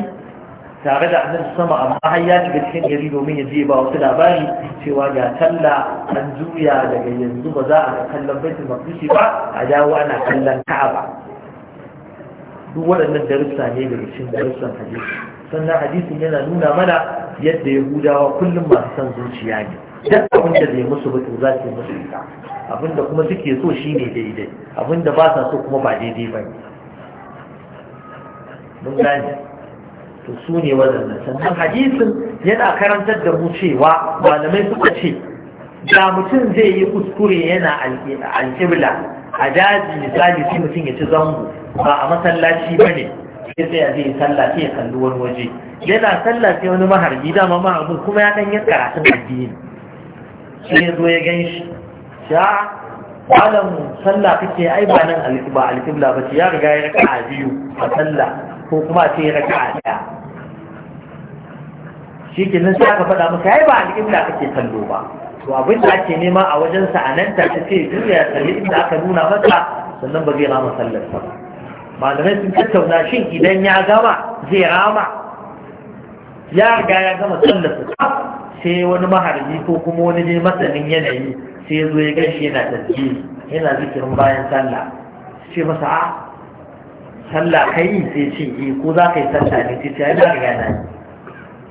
tare da annabi sama amma har ya shiga cikin gari domin ya je ba wasu labari cewa ga talla an juya daga yanzu ba za a ga kallon baitul maqdisi ba a dawo ana kallon ka'aba duk waɗannan darussa ne daga cikin darussan hadisi sannan hadisin yana nuna mana yadda yahudawa kullum masu san zuciya ne duk abin da zai musu mutu za su musu ita abin da kuma suke so shi ne daidai abin da ba sa so kuma ba daidai ba ne mun gane to su ne waɗannan sannan hadisin yana karantar da mu cewa malamai suka ce da mutum zai yi kuskure yana alƙibla a daji misali sai mutum ya ci zango ba a masallaci ba ne sai sai a zai yi sallah sai ya kalli wani waje yana sallah sai wani maharbi dama maharbi kuma ya ɗan yi karatun addini sai ya zo ya gan shi ya malam sallah kake ai ba nan ba alƙibla ba ce ya riga ya raka a biyu a sallah ko kuma sai ya raka a ɗaya shi ke nan sai aka faɗa masa ai ba alƙibla kake kallo ba to abin da ake nema a wajensa a nan ta ce duniya ya salli inda aka nuna masa sannan ba zai rama sallar ba malamai sun tattauna shin idan ya gama zai rama ya riga ya gama sallarsa sai wani maharbi ko kuma wani ne masanin yanayi sai ya zo ya shi yana tasbih yana zikirin bayan sallah ce masa a sallah kai sai ce e ko za ka yi sallah ne sai ce ya riga na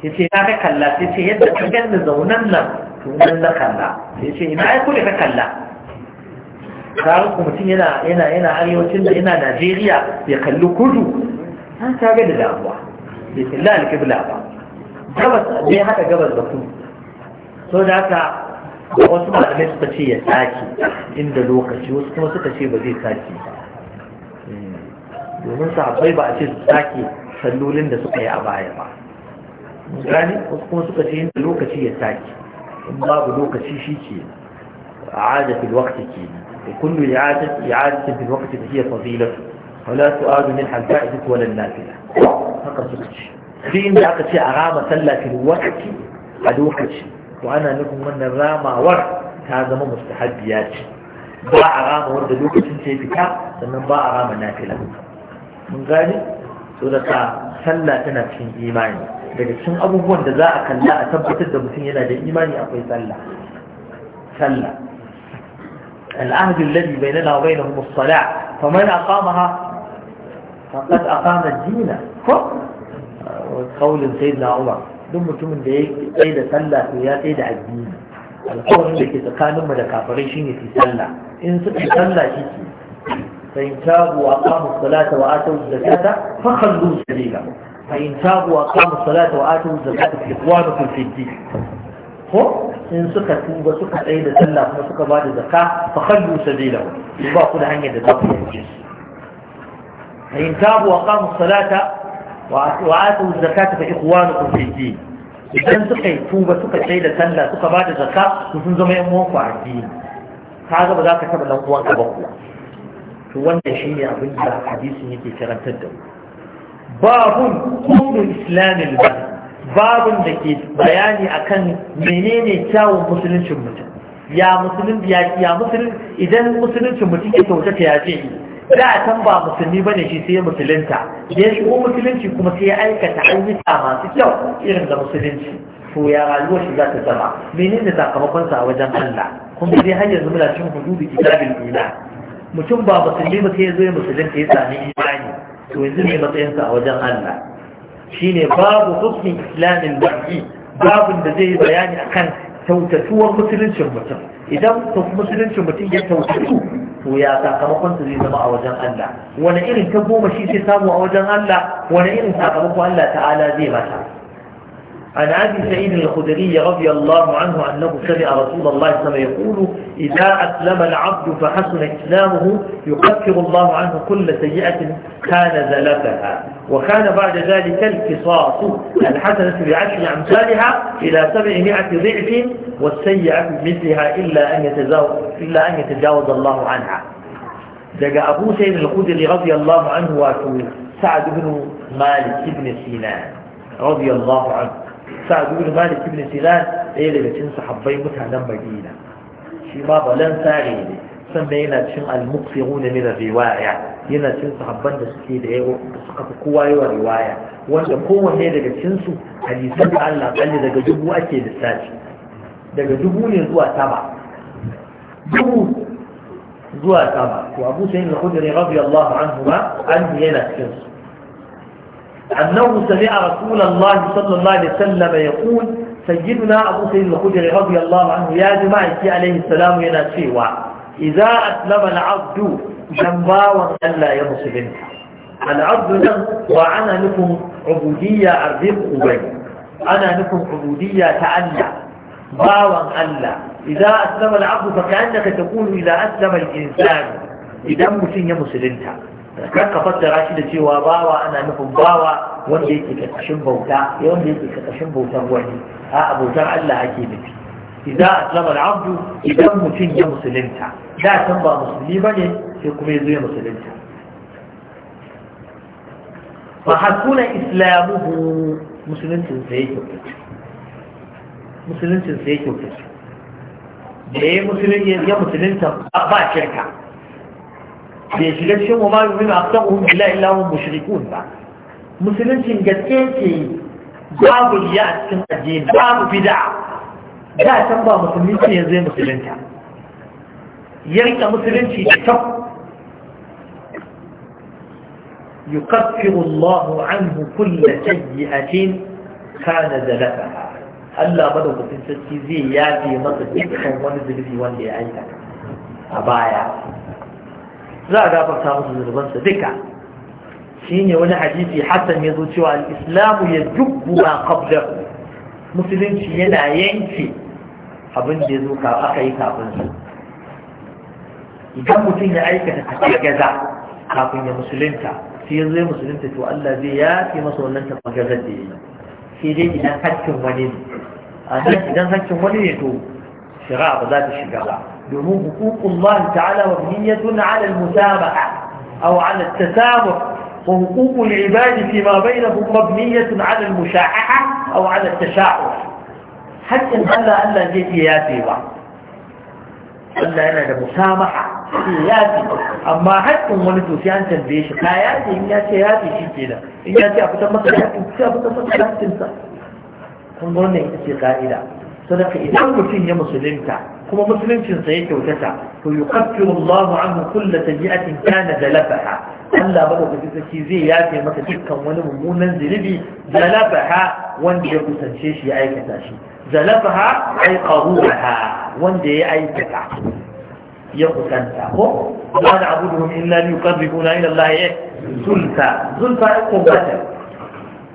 yi sai ce na ka kalla sai ce yadda ka ganni zaunan nan to nan na kalla sai ce ina ai da ka kalla kawo ku mutum yana yana yana arewacin da yana Najeriya ya kalli kudu an ka ga da damuwa bai kalli alƙibla ba gabas ne haka gabas da kudu so da haka wasu malamai suka ce ya sake inda lokaci wasu kuma suka ce ba zai sake hmm. domin sahabbai ba a ce su sake sallolin da suka yi a baya ba gani wasu kuma suka ce inda lokaci ya sake in babu lokaci shi ke a ke, da عادة الوقت كي وكل إعادة إعادة في الوقت هي فضيلة ولا a منها wannan lafiya النافلة suka ce. في إن جاءت في أغامة ثلاثة الوقت قد وقت وأنا لكم من الرامة ورق هذا مو مستحب ياتش باع أغامة ورد الوقت انتهي بكا سنن باع أغامة ناكلة من غالي سورة سلا تنفين إيماني لكن سن أبو بوان جزاء كلا أثبت الدبسين ينا جاء إيماني أقوي سلا سلا العهد الذي بيننا وبينهم الصلاة فمن أقامها فقد أقام الدين kaulin sai na umar duk mutumin da ya tsaye da sallah to ya tsaye da addini Alƙawarin da ke tsakaninmu da kafirai shine fi sallah in suka sallah shi ke فإن تابوا وأقاموا الصلاة وآتوا الزكاة فخلوا سبيلهم فإن تابوا وأقاموا الصلاة وآتوا الزكاة فإخوانكم في الدين ko in suka tuba suka tsaye da sallah kuma suka ba da zakka fa khallu sabilahu ba ku da hanyar da za ku yi in tabu wa qamu salata وآتوا الزكاة فإخوانكم في الدين idan suka yi tuba suka sai da sallah suka ba da zakka to sun zama yan uwanku a addini kaga ba za ka taba dan ka ba kuwa to wannan shine abin da hadisin yake karantar da mu babun kullu islamil ba babun da ke bayani akan menene kyawun musuluncin mutum ya musulun ya musulun idan musuluncin mutum ya kyautata ya ce da san ba musulmi bane shi sai musulunta ya shigo musulunci kuma sai ya aikata ayyuka masu kyau irin da musulunci to ya rayuwar shi za ta zama menene sakamakonsa a wajen Allah kuma dai har yanzu muna cikin hudubi kitabin iman mutum ba musulmi ba sai ya zo ya musulunta ya sami imani to yanzu ne sa a wajen Allah shine babu hukmin islamin baki babun da zai yi bayani akan kyautatuwar musuluncin mutum idan musuluncin mutum ya kyautatu to ya sakamakon su zai zama a wajen Allah wani irin ta goma shi sai samu a wajen Allah wani irin sakamakon Allah ta'ala zai mata عن أبي سعيد الخدري رضي الله عنه أنه سمع رسول الله صلى الله عليه وسلم يقول إذا أسلم العبد فحسن إسلامه يكفر الله عنه كل سيئة كان زلفها وكان بعد ذلك القصاص الحسنة بعشر أمثالها إلى سبعمائة ضعف والسيئة مثلها إلا أن يتجاوز, إلا أن يتجاوز الله عنها جاء أبو سعيد الخدري رضي الله عنه وأتوه سعد بن مالك بن سينان رضي الله عنه sa'adu da malik ibn sinan ɗaya daga cikin sahabbai mutanen madina shi ma balan sare ne sannan yana cin al-muqsirun da riwaya yana cin sahabban da suke da yawa suka fi kowa yawa riwaya wanda kowanne daga cikin su hadisan da Allah kalli daga dubu ake lissafi daga dubu ne zuwa saba dubu zuwa saba to Abu Sa'id al-Khudri radiyallahu anhu ma an yana cikin su أنه سمع رسول الله صلى الله عليه وسلم يقول سيدنا أبو سيد الخدري رضي الله عنه يا جماعتي عليه السلام ينسيوا إذا أسلم العبد جنباوا ألا يمسلم العبد نم وأنا لكم عبودية أرزق أبي أنا لكم عبودية تألى باوا ألا إذا أسلم العبد فكأنك تقول إذا أسلم الإنسان إذا مسلم يمسلمتها kan ka fassara shi da cewa bawa ana nufin bawa wanda yake karkashin bauta eh, wanda yake karkashin bautar wani a bautar Allah ake nufi idza aslama al-abdu idan mutum ya musulunta da san ba musulmi bane sai kuma yazo ya musulunta fa hakuna islamuhu musuluncin sa yake musuluncin sa yake da ya musulunta ba shirka bai shiga cikin wa ma yu'minu aktsaruhum billahi illa hum mushrikun ba musuluncin gaske ke babu riya a cikin addini babu bid'a da can ba musulmi ce yanzu ya musulunta ya rika musulunci da kyau يكفر الله عنه كل سيئة كان زلفها Allah madaukakin sarki zai yafe masa dukkan wani zunubi wanda ya aikata a baya za a gafarta musu zunubansa duka shi ne wani hadisi hasan ya zo cewa al-islamu ya dubu ma qabla musulunci yana yanke abin da ya zo aka yi kafin idan mutum ya aikata tafiya gaza kafin ya musulunta sai ya zo musulunta to Allah zai ya yafe masa wannan tafiya gaza da ya yi sai dai idan hakkin wani ne a nan idan hakkin wani ne to shari'a ba za ta shiga ba بهم حقوق الله تعالى مبنية على المتابعة أو على التسامح وحقوق العباد فيما بينهم مبنية على المشاححة أو على التشاعر حتى ألا ألا جئت ياتي بعض ألا أنا لمسامحة ياتي أما حتى ولدوا في أنت البيش لا ياتي إن ياتي ياتي شي كده إن ياتي أبدا ما تلاحظ إن ياتي أبدا ما تلاحظ تنسى انظرني إنتي قائلة صدق إذا أمتين يا مسلمتا kuma musuluncinsa ya kyautata to yi yukaffiru Allahu anhu kullu sayyi'atin kana dalafaha Allah ba da sarki zai yafe masa dukkan wani mummunan zunubi dalafaha wanda ya kusance shi ya aikata shi dalafaha ay qaruha wanda ya aikata ya kusanta ko la na'buduhum illa liyuqarribuna ila Allah eh, zulfa zulfa ay qurbata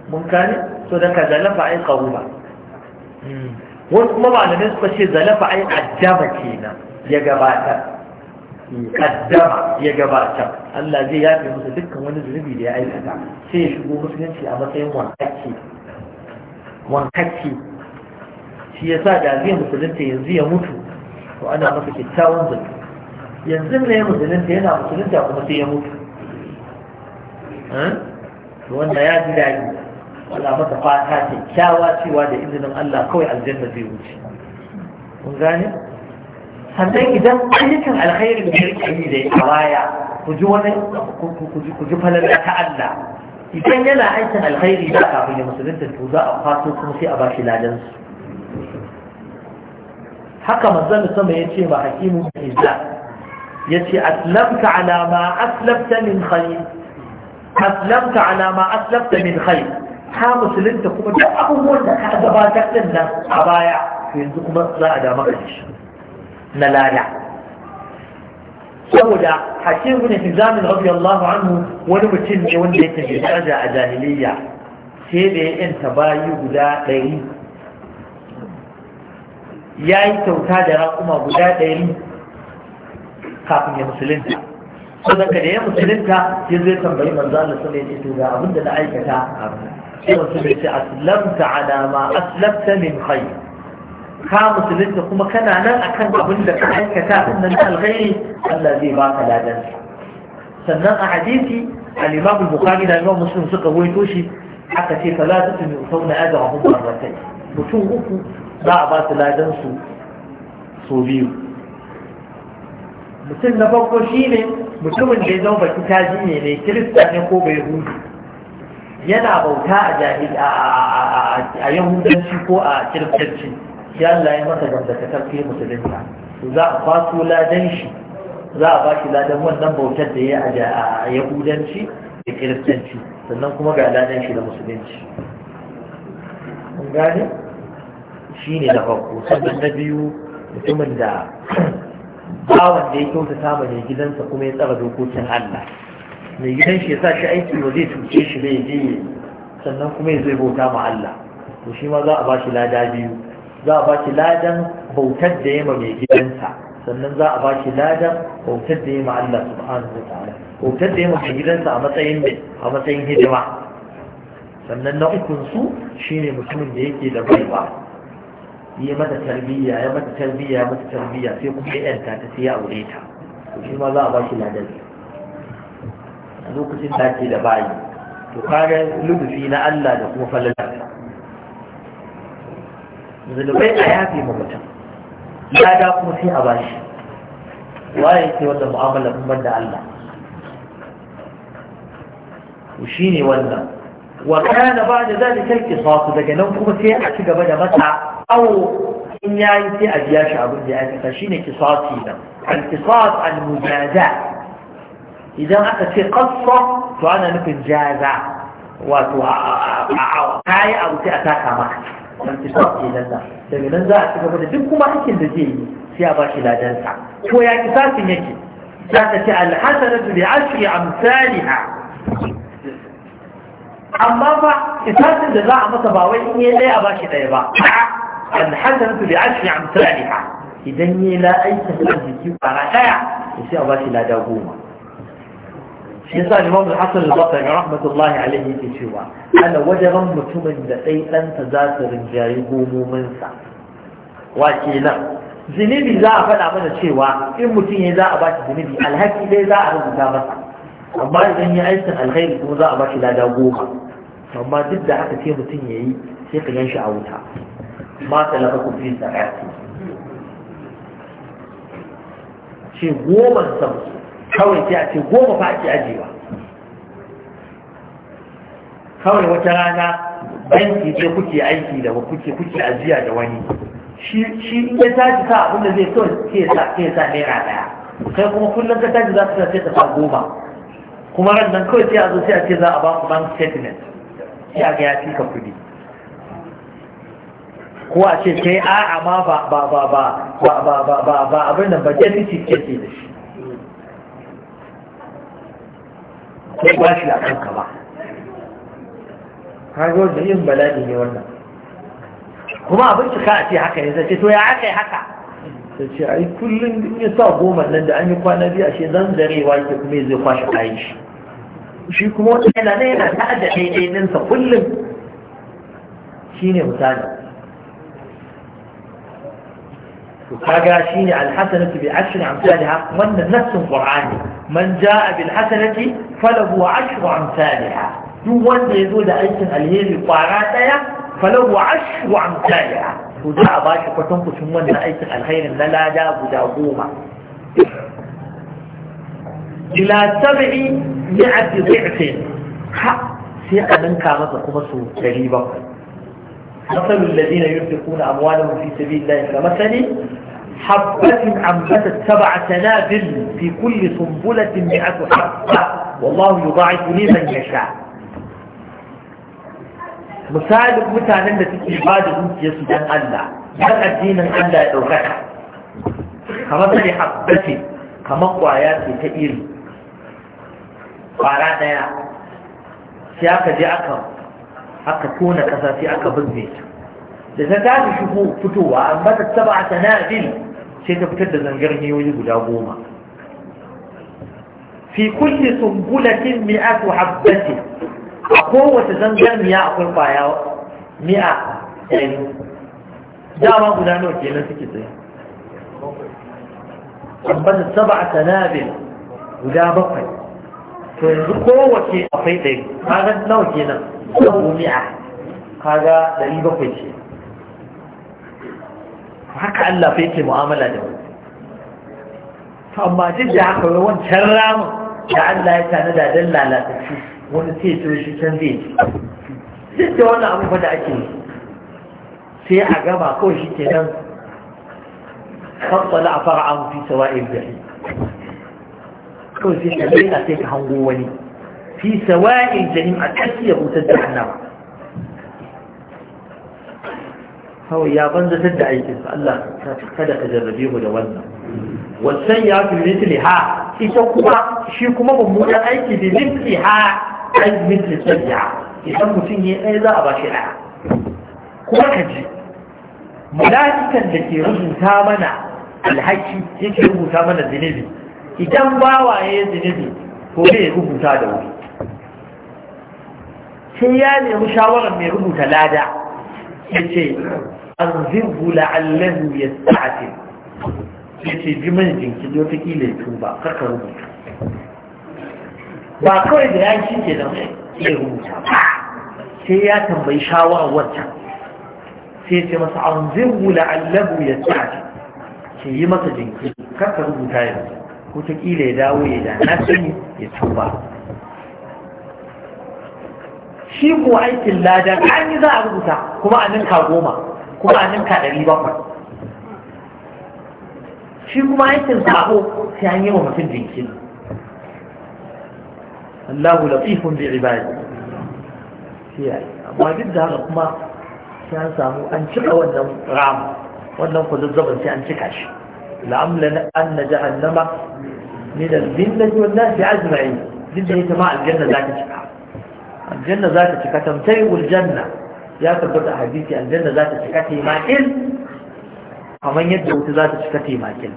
mun kane so da ka dalafa ay qaruha hmm. Wani kuma malamai suka ce zalafa ai addaba kenan ya gabata. addaba ya gabata. Allah zai yafe musu dukkan wani zunubi da ya aikata sai ya shigo musulunci a matsayin wankaki. wankacce shi yasa da zai musulunta yanzu ya mutu to ana masa kyakkyawan zato yanzu ne musulunta yana musulunta kuma sai ya mutu eh? wanda ya ji daɗi wala masa fata kyakkyawa cewa da izinin Allah kawai aljanna zai wuce kun gane sannan idan ayyukan alkhairi da yake yi da ya baya ku ji wani ku ji falala ta Allah idan yana aikin alkhairi da kafin ya musulunta to za a fato kuma sai a bashi ladan su haka manzon sama yace ba hakimu izza yace aslamta ala ma aslamta min khair aslamta ala ma aslamta min khair Ka musulunta kuma duk abubuwan da ka gabatar din nan a baya yanzu kuma za a dama da shi na lada saboda hakim ibn hizam radiyallahu anhu wani mutum ne wanda yake da daraja a jahiliyya sai da ya yanta bayi guda ɗari ya yi kyauta da raƙuma guda ɗari kafin ya musulunta saboda da ya musulunta ya zai tambayi manzo Allah sallallahu alaihi wasallam ya ce to ga abin da na aikata a kiran su bai ce aslamta ala ma aslamta min khair ka musulunta kuma kana nan akan abin da ka aikata din nan alkhairi Allah zai baka ladan sannan a hadisi al-Imam Bukhari da Imam Muslim suka waito shi aka ce salatu min fauna ajrahum marratayn mutum uku za a ba su ladan su so biyu mutum na farko shine mutumin da ya zama baki ta ne mai kirista ne ko bai hudu yana bauta a jahil yahudanci ko a kirkirci shi Allah ya masa gamdakatar takarfi musulunta za a kwaso ladan shi za a bashi ladan wannan bautar da ya yi a yahudanci da kiristanci sannan kuma ga ladan shi da musulunci An gane shi ne na farko sannan na biyu mutumin da bawan da ya kyauta samun gidansa kuma ya tsara dokokin Allah mai gidan shi sa shi aiki ba zai cuce shi bai je sannan kuma ya zai bauta ma Allah to shi ma za a ba shi lada biyu za a ba shi ladan bautar da ya ma mai gidansa sannan za a ba shi ladan bautar da ya ma Allah subhanahu wa ta'ala bautar da ya ma mai gidansa a matsayin mai a matsayin hidima sannan na ukun su shine mutumin da yake da baiwa yi mata tarbiyya ya mata tarbiyya ya mata tarbiyya sai kuma ya yanta ta sai ya aure ta to shi ma za a ba shi ladan lokacin da ake da bayi to kare lubufi na Allah da kuma falalarsa zunubai a yafe ma mutum ya da kuma sai a bashi waye ke wanda mu'amala kuma da Allah to shine wannan wa kana ba'da zalika kai qisas daga nan kuma sai a ci gaba da mata awo in yayi sai a biya shi abin da ya aikata shine qisasi nan al-qisas al-mujaza idan aka ce kasa to ana nufin jaza wato a kayi abu sai a taka maka antisaf ke nan da daga nan za a ci gaba da duk kuma aikin da zai yi sai a bashi ladansa ko ya ki sasin yake za ka ce alhasanatu bi ashri ha. amma fa isasin da za a masa ba wai in yi ɗaya a bashi ɗaya ba alhasanatu bi ashri ha. idan yi la aikin da jiki fara ɗaya sai a bashi lada goma yasa Imam Hassan al-Basri rahmatullahi alaihi yake cewa ana wajaran mutumin da dai danta za su rinjaye gomomin sa wa kenan zinibi za a faɗa mana cewa in mutum ya za a ba shi zinibi alhaki dai za a rubuta masa amma idan ya aikin alheri kuma za a ba shi lada goma amma duk da haka sai mutum ya yi sai ka gan shi a wuta ma talaka ku fi da ce goman sa kawai sai a ce goma fa ake ajiyewa kawai wata rana banki ce kuke aiki da kuke kuke ajiya da wani shi shi ya tashi sa abin da zai so ke sa ke sa naira daya kai kuma kullum ka tashi za ka sai ka sa goma kuma ran nan kawai sai a zo sai a ce za a ba ku bank statement sai a ga ya fi ka kuɗi ko a ce kai a'a ma ba ba ba ba ba ba ba abin da ba ke da shi kai ba shi a kanka ba kaga da yin bala'i ne wannan kuma abin cika a ce haka ne zai ce to ya aka yi haka sai ce ai kullum ya sa goma nan da an yi kwana biyu shi zan zarewa ke kuma zai kwashe kayan shi shi kuma wani yana ne yana ta'adda ɗaiɗaininsa kullum shi ne misali to kaga shine alhasanatu bi ashri amsalha wannan nassin qur'ani man jaa bil hasanati falahu ashru amsalha duk wanda yazo da aikin alheri kwara daya falahu ashru amsalha to za a bashi kwatan kucin wannan aikin alherin na lada guda goma ila sab'i mi'ati dhi'fin ha sai a ninka masa kuma su 700 مثل الذين ينفقون أموالهم في سبيل الله كمثل حبة أنبتت سبع سنابل في كل سنبلة مئة حبة والله يضاعف لمن يشاء مثال مثال التي تجبال أنت يا سيدان الله بل الدين أن لا يوقعها كمثل حبة كمقوى ياتي تئيل قارانا يا سياك دي aka tona ƙasa sai aka burge ta da ta tashi shigo fitowa amma ta taba ta nadil sai ta fitar da zangarniyoyi guda goma fi kulli sumbulatin mi'atu habbati a kowace zangarniya akwai kwaya mi'a ɗari dama guda nawa kenan suke tsaye tabbata saba ta nadil guda bakwai to yanzu kowace akwai ɗari kaga nawa kenan lahu mi'a kaga ɗari bakwai ce haka Allah fa yake mu'amala da wani amma duk da haka wai wancan ramin da Allah ya tanada don lalatacci wani sai so shi can zai ci duk da wannan abubuwa da ake sai a gama kawai shi ke nan fassala a fara'an fi sawa'in jahil kawai sai ka daina sai ka hango wani fi sawa'il jahim a tsakiyar da jahannama kawai ya banza banzatar da su Allah kada ka jarrabe mu da wannan wasan ya fi mitli ha ita kuma shi kuma mummunan aiki bi mitli ha ai mitli sabiya idan mutum ya ɗaya za a ba shi ɗaya kuma ka ji mala'ikan da ke rubuta mana alhaki yake rubuta mana zinubi idan bawaye zinubi ko ya rubuta da wuri sai ya nemi shawarar mai rubuta lada ya ce an zirgu la'allahu ya sa'atin ya ce ji man jinkiri watakila ya tuba karka rubuta ba kawai da ya shi ke da ya rubuta sai ya tambayi shawarar wancan sai ce masa an zirgu la'allahu ya sa'atin ke yi masa jinkiri karka rubuta yanzu ko ta watakila ya dawo ya da na sani ya tuba shi ko aikin ladan an yi za a rubuta kuma a ninka goma kuma a ninka ɗari bakwai shi kuma aikin sabo sai an yi wa mutum jinkiri Allahu latifun bi ibadi amma duk da haka kuma sai an samu an cika wannan ram wannan kuzazzabin sai an cika shi la'amlan an na jahannama min al-jinnati Wannan sai ajma'in duk da ya ma aljanna za ta cika aljanna za ta cika tamtai uljanna ya tabbata a hadisi aljanna za ta cika taimakin kamar yadda wuta za ta cika taimakin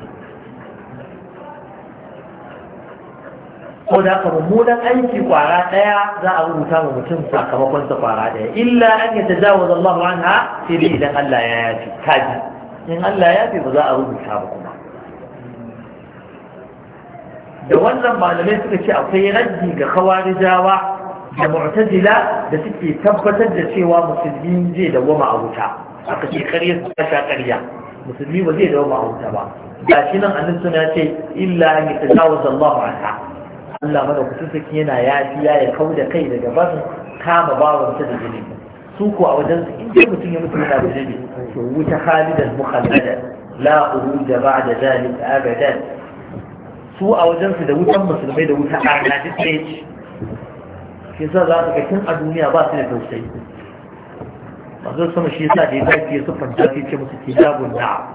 ko da haka mummunan aiki kwara daya za a rubuta ma mutum sakamakon sa kwara daya illa an ya tajawaza Allahu anha sai dai idan Allah ya yafi kaji in Allah ya yafi ba za a rubuta ba kuma da wannan malamai suka ce akwai raddi ga kawarijawa da mu'tazila da suke tabbatar da cewa musulmi zai dawoma a wuta aka ce ƙarya su kasha ƙarya musulmi ba zai dawoma a wuta ba ga shi nan annabi suna ce illa an yatajawaza Allahu anha Allah ku sarki yana yafiya ya kauda kai daga barin kama bawansa da jini su ko a wajen su inda mutum ya mutu yana da jini to wuta khalidan mukhalladan la uruja ba'da zalik abadan su a wajen su da wutan musulmai da wuta a duk ɗaya shi yasa za ka kin a duniya ba su da tausayi manzo sama shi yasa da ya zafi ya sufan ta ce musu kitabun da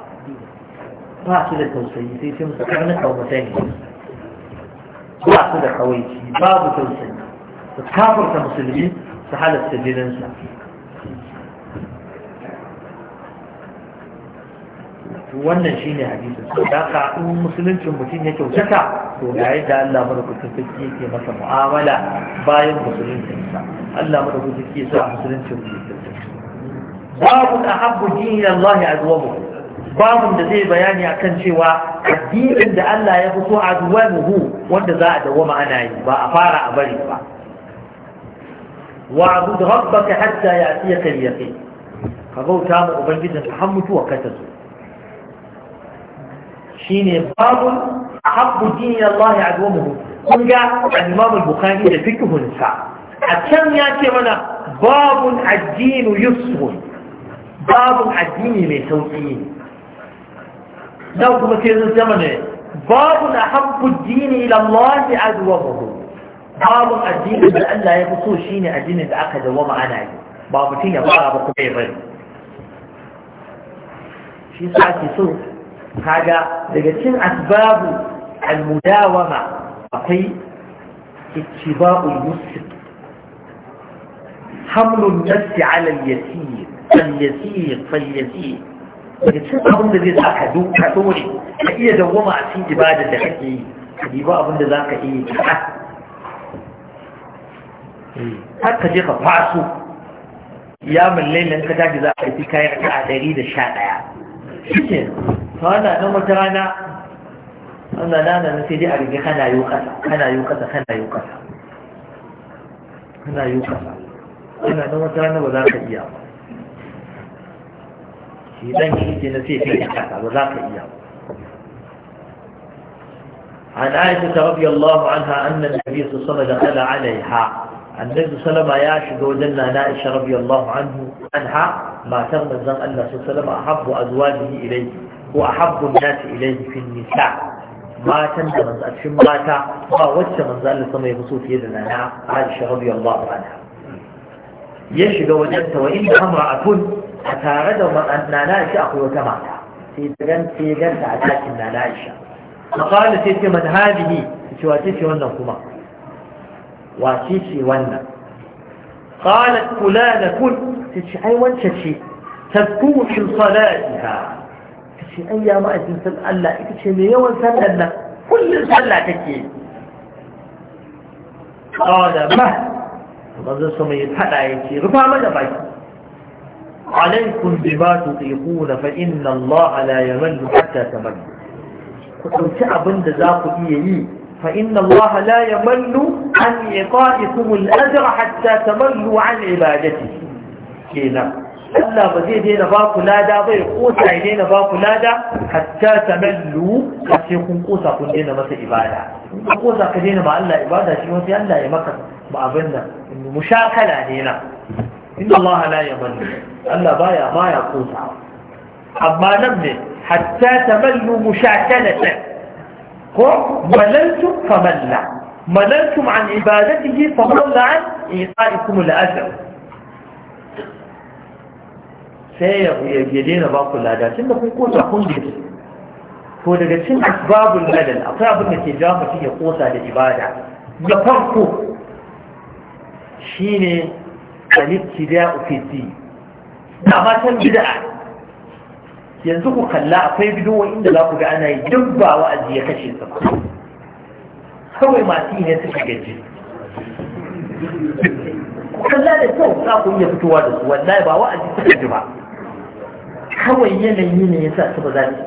ba su da tausayi sai ce musu karnin kawmatai ba su da ba babu tausayi su kafurta musulmi su halatta jininsa Wannan shi ne hadisin so da ka in musuluncin mutum ya kyautata to ga yadda Allah madaukakin sarki yake masa mu'amala bayan musuluncin sa Allah madaukakin sarki ya sa musuluncin mutum babu da ahabbu dinin Allah azwamu Babu da zai bayani akan cewa addinin da Allah ya fito azwamuhu wanda za a dawama ana yi ba a fara a bari ba wa'bud rabbaka hatta ya'tiyaka al-yaqin ka bauta ma ubangijinka har mutuwa ka ta zo shine babu a ahabbu dini Allah ya azumu kun ga al-Imam al-Bukhari da fiqhun sa a can ya ce mana babu addinu Yusuf, babu addini mai sauki dan kuma sai zan zama ne babu babun ahabbu dini ila Allah ya azumu Babu addini da Allah ya fi so shine addinin da aka dawama ana yi ba mutum ya fara ba kuma ya bari shi sa ake so kaga daga cin asbabu almudawama akwai ittiba'ul muslim hamlun nafsi ala al-yasir al-yasir fal-yasir daga cin abin da zai sa ka duka dole ka iya dawwama a cikin ibada da kake yi ka diba abin da zaka iya har ka je ka faso ya mallailan ka tashi za a yi kayan ka a ɗari da sha ɗaya ana nan wata rana ana nana sai dai a rige kana yi kasa kana yi kasa kana yi kasa kana yi kasa ana nan wata rana ba za ka iya shi dan shi ke na sai kai kasa ba za ka iya عن عائشة رضي الله عنها أن النبي صلى الله عليه وسلم دخل عليها النبي صلى الله عليه وسلم ياشد وجلنا عائشة رضي الله عنه عنها ما تغنى أن صلى الله عليه وسلم أحب أزواجه إليه وأحب الناس إليه في النساء ما تند من في مراتا ما وجه من ذلك صمي بصوت يدنا نعم عائشة رضي الله عنها يشق وجدت وإن أمر امرأة أتارد من أن نعيش أخي وتماتا في جنة في جنة تعتاك أن نعيش فقال سيت من هذه سواتيسي ونن كما واتيسي ونن قالت فلانة كل تتشي أي وانشتشي تذكوك صلاتها shi an yi ma'aikin san Allah ita ce mai yawan san Allah kullum san Allah take عليكم بما تطيقون فإن الله لا يمل حتى تمل قلتم شعبن دزاق إيهي فإن الله لا يمل عن إطائكم الأجر حتى تملوا عن عبادته كي نعم Allah ba zai daina ba ku lada ba ya kosa ya daina ba ku lada hatta tamallu a ce kun kosa kun daina masa ibada kun kosa ka daina ba Allah ibada shi wasu Allah ya maka ba abin nan mushakala ne na inda Allah la ya manni Allah baya baya kosa amma nan ne hatta tamallu ta ko malaltu famalla malaltum an ibadatihi famalla an iqaikum al-ajr sai ya daina ba ku lada tun da kun kosa kun gaji to daga cin asbabul ladan akwai abin da ke ja mutum ya kosa da ibada da farko shine al da fi din amma san gida yanzu ku kalla akwai bidowa inda za ku ga ana yi duk ba wa'azi ya kashe su kawai masu yi ne suka gaji kalla da kyau za ku iya fitowa da su wallahi ba wa'azi suka ji ba kawai yanayi ne ya sa su ba za su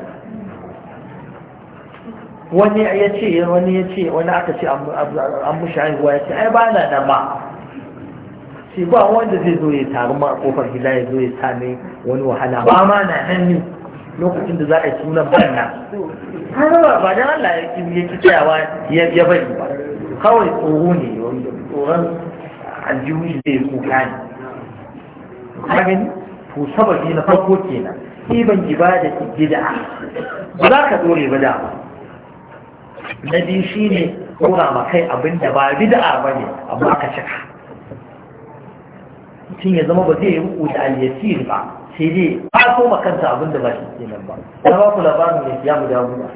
wani ya ce wani ya ce wani aka ce an mushi haihuwa ya ce ai ba na da ma ce ba wanda zai zo ya taru ma a kofar gida ya zo ya same wani wahala ba ma na hannu lokacin da za a yi sunan banna har ba da Allah ya ki ya tsayawa ya bari ba kawai tsoro ne tsoron aljihu zai kuka ne ka gani to sababi na farko kenan tartiban ibadati bid'a ba za ka dore ba da na biyu ne dora ma kai abin da ba bid'a bane amma ka cika mutum ya zama ba zai yi ruku da al ba sai dai ba so ma kansa abin da ba shi kenan ba na ba ku labarin ya siya mu dawo da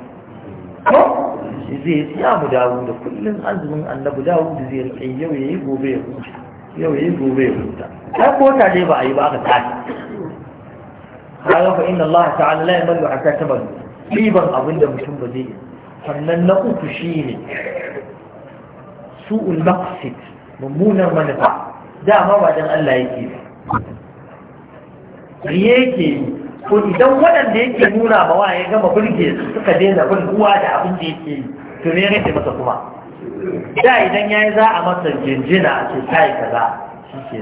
ko shi zai siya mu dawo da kullum azumin annabu, dawo da zai rike yau ya yi gobe ya huta yau ya yi gobe ya huta ko ta dai ba a yi ba aka tashi bayan fa inna Allah ta'ala la yamallu hatta taballu riban abin da mutum ba zai sannan na uku shine su'ul maqsid mummunar manufa Da dama ba dan Allah yake ba riye yake ko idan waɗanda yake nuna ba wa ya gama burge su suka daina bin uwa da abin da yake yi to ne rage masa kuma da idan yayi za a masa jinjina a ce kaza shi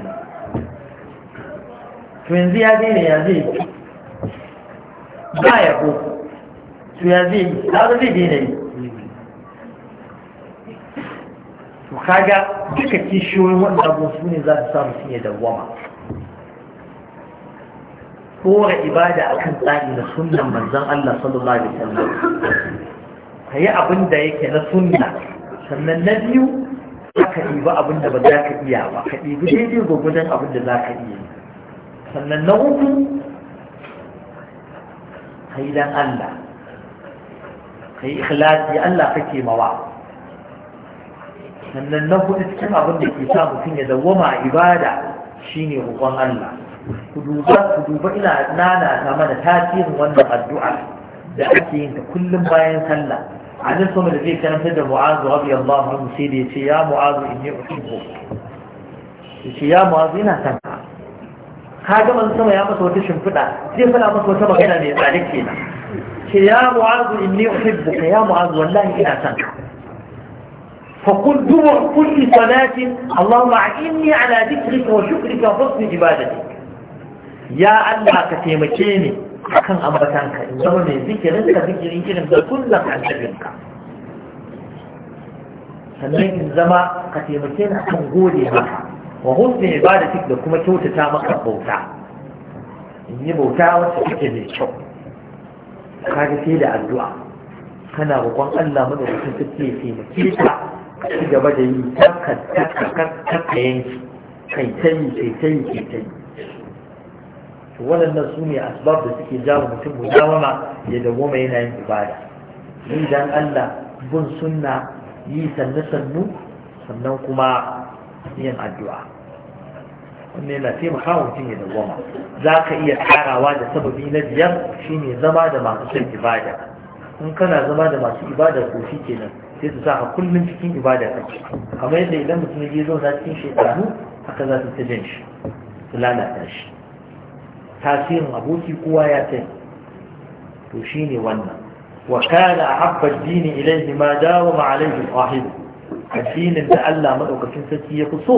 to yanzu ya daina yanzu. ba ya ko to ya zai yi kaga zai daina yi to kaga duka kishiyoyin wannan abu su ne za su samu su da dawwama kora ibada akan tsari da sunnan manzon Allah sallallahu alaihi wasallam yi abin da yake na sunna sannan na biyu ka ɗiba abin da ba za ka iya ba ka ɗibi daidai gwagwadon abin da za ka iya sannan na uku kai dan Allah kai ikhlasi Allah kake mawa sannan na hudu cikin abin da ke sa mutum ya dawwama a ibada shine roƙon Allah ku duba ku duba ina nana ta mana tasirin wannan addu'a da ake yin ta kullum bayan sallah annabi sallallahu da zai karanta da mu'azu radiyallahu anhu sai da yace ya mu'azu inni uhibbu yace ya mu'azu ina san ka ga sama ya masa wata shimfiɗa sai fada masa wata magana mai tsada kenan Ke ya mu'azu inni uhibbuka ya mu'azu wallahi ina son ka فقل دبر كل صلاة اللهم أعني على ذكرك وشكرك وحسن عبادتك يا الله كتيمكيني أكن أمرتانك إن زمن ذكرك ذكر إن كنت كل عن ذكرك sannan in zama ka taimake ni kan gode maka wa husni ibadatik da kuma kyautata maka bauta in yi bauta wacce take mai kyau kaga sai da addu'a kana roƙon Allah mana mutum take ke taimake ka ci gaba da yi takka kai ta yi kai ta yi kai ta yi waɗannan su ne asbab da suke jawo mutum ma ya dawoma yana yin ibada yi dan Allah bin sunna yi sannu sannu sannan kuma yin addu'a wannan yana taimakawa mutum ya dawwama za ka iya karawa da sababi na biyar shine zama da masu son ibada in kana zama da masu ibada ko shi kenan sai su sa kullum cikin ibada kake kamar yadda idan mutum ya zauna cikin shekaru haka za su ta shi su lalata shi tasirin aboki kowa ya sai to shine wannan wa kana ahabba ad-din ilayhi ma alaihi wahidu addinin da Allah maɗaukacin sarki ya fi so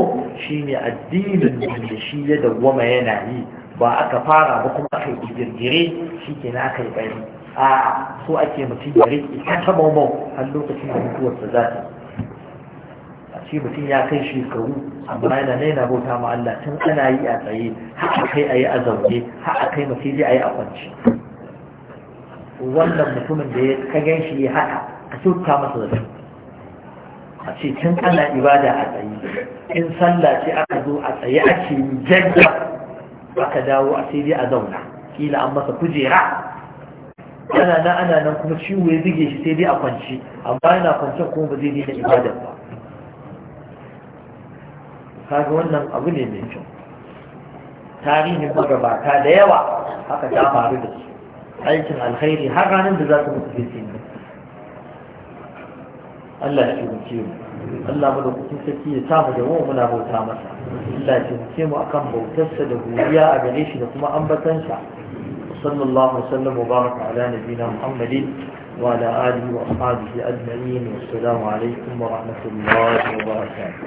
shine addinin da shi ya dawwama yana yi ba aka fara ba kuma aka yi girgire shi ke na aka yi bari a so ake mutum ya riƙe ta taɓa mau har lokacin da mutuwarsa za ta a ce mutum ya kai shekaru amma yana na yana bauta ma Allah tun ana yi a tsaye har a kai a yi a zaune har a kai mutum ya yi a kwanci wannan mutumin da ya ka gan shi ya haɗa a kyauta masa zafi a ce tun ana ibada a tsaye in sallah ce aka zo a tsaye ake yi jajja aka dawo a sai dai a zauna kila an masa kujera ana nan ana nan kuma ciwo ya zige shi sai dai a kwanci amma yana kwancen kuma ba zai daina ibadar ba kaga wannan abu ne mai kyau tarihin magabata da yawa haka ta faru da su aikin alkhairi har ranar da za su mutu sai Allah ya taimake mu Allah mu ya samu da mu muna bauta masa Allah ya taimake mu akan bautarsa da godiya a gare shi da kuma ambatansa sallallahu alaihi wasallam wa baraka ala nabiyina Muhammadin وعلى آله وأصحابه أجمعين والسلام عليكم ورحمة الله وبركاته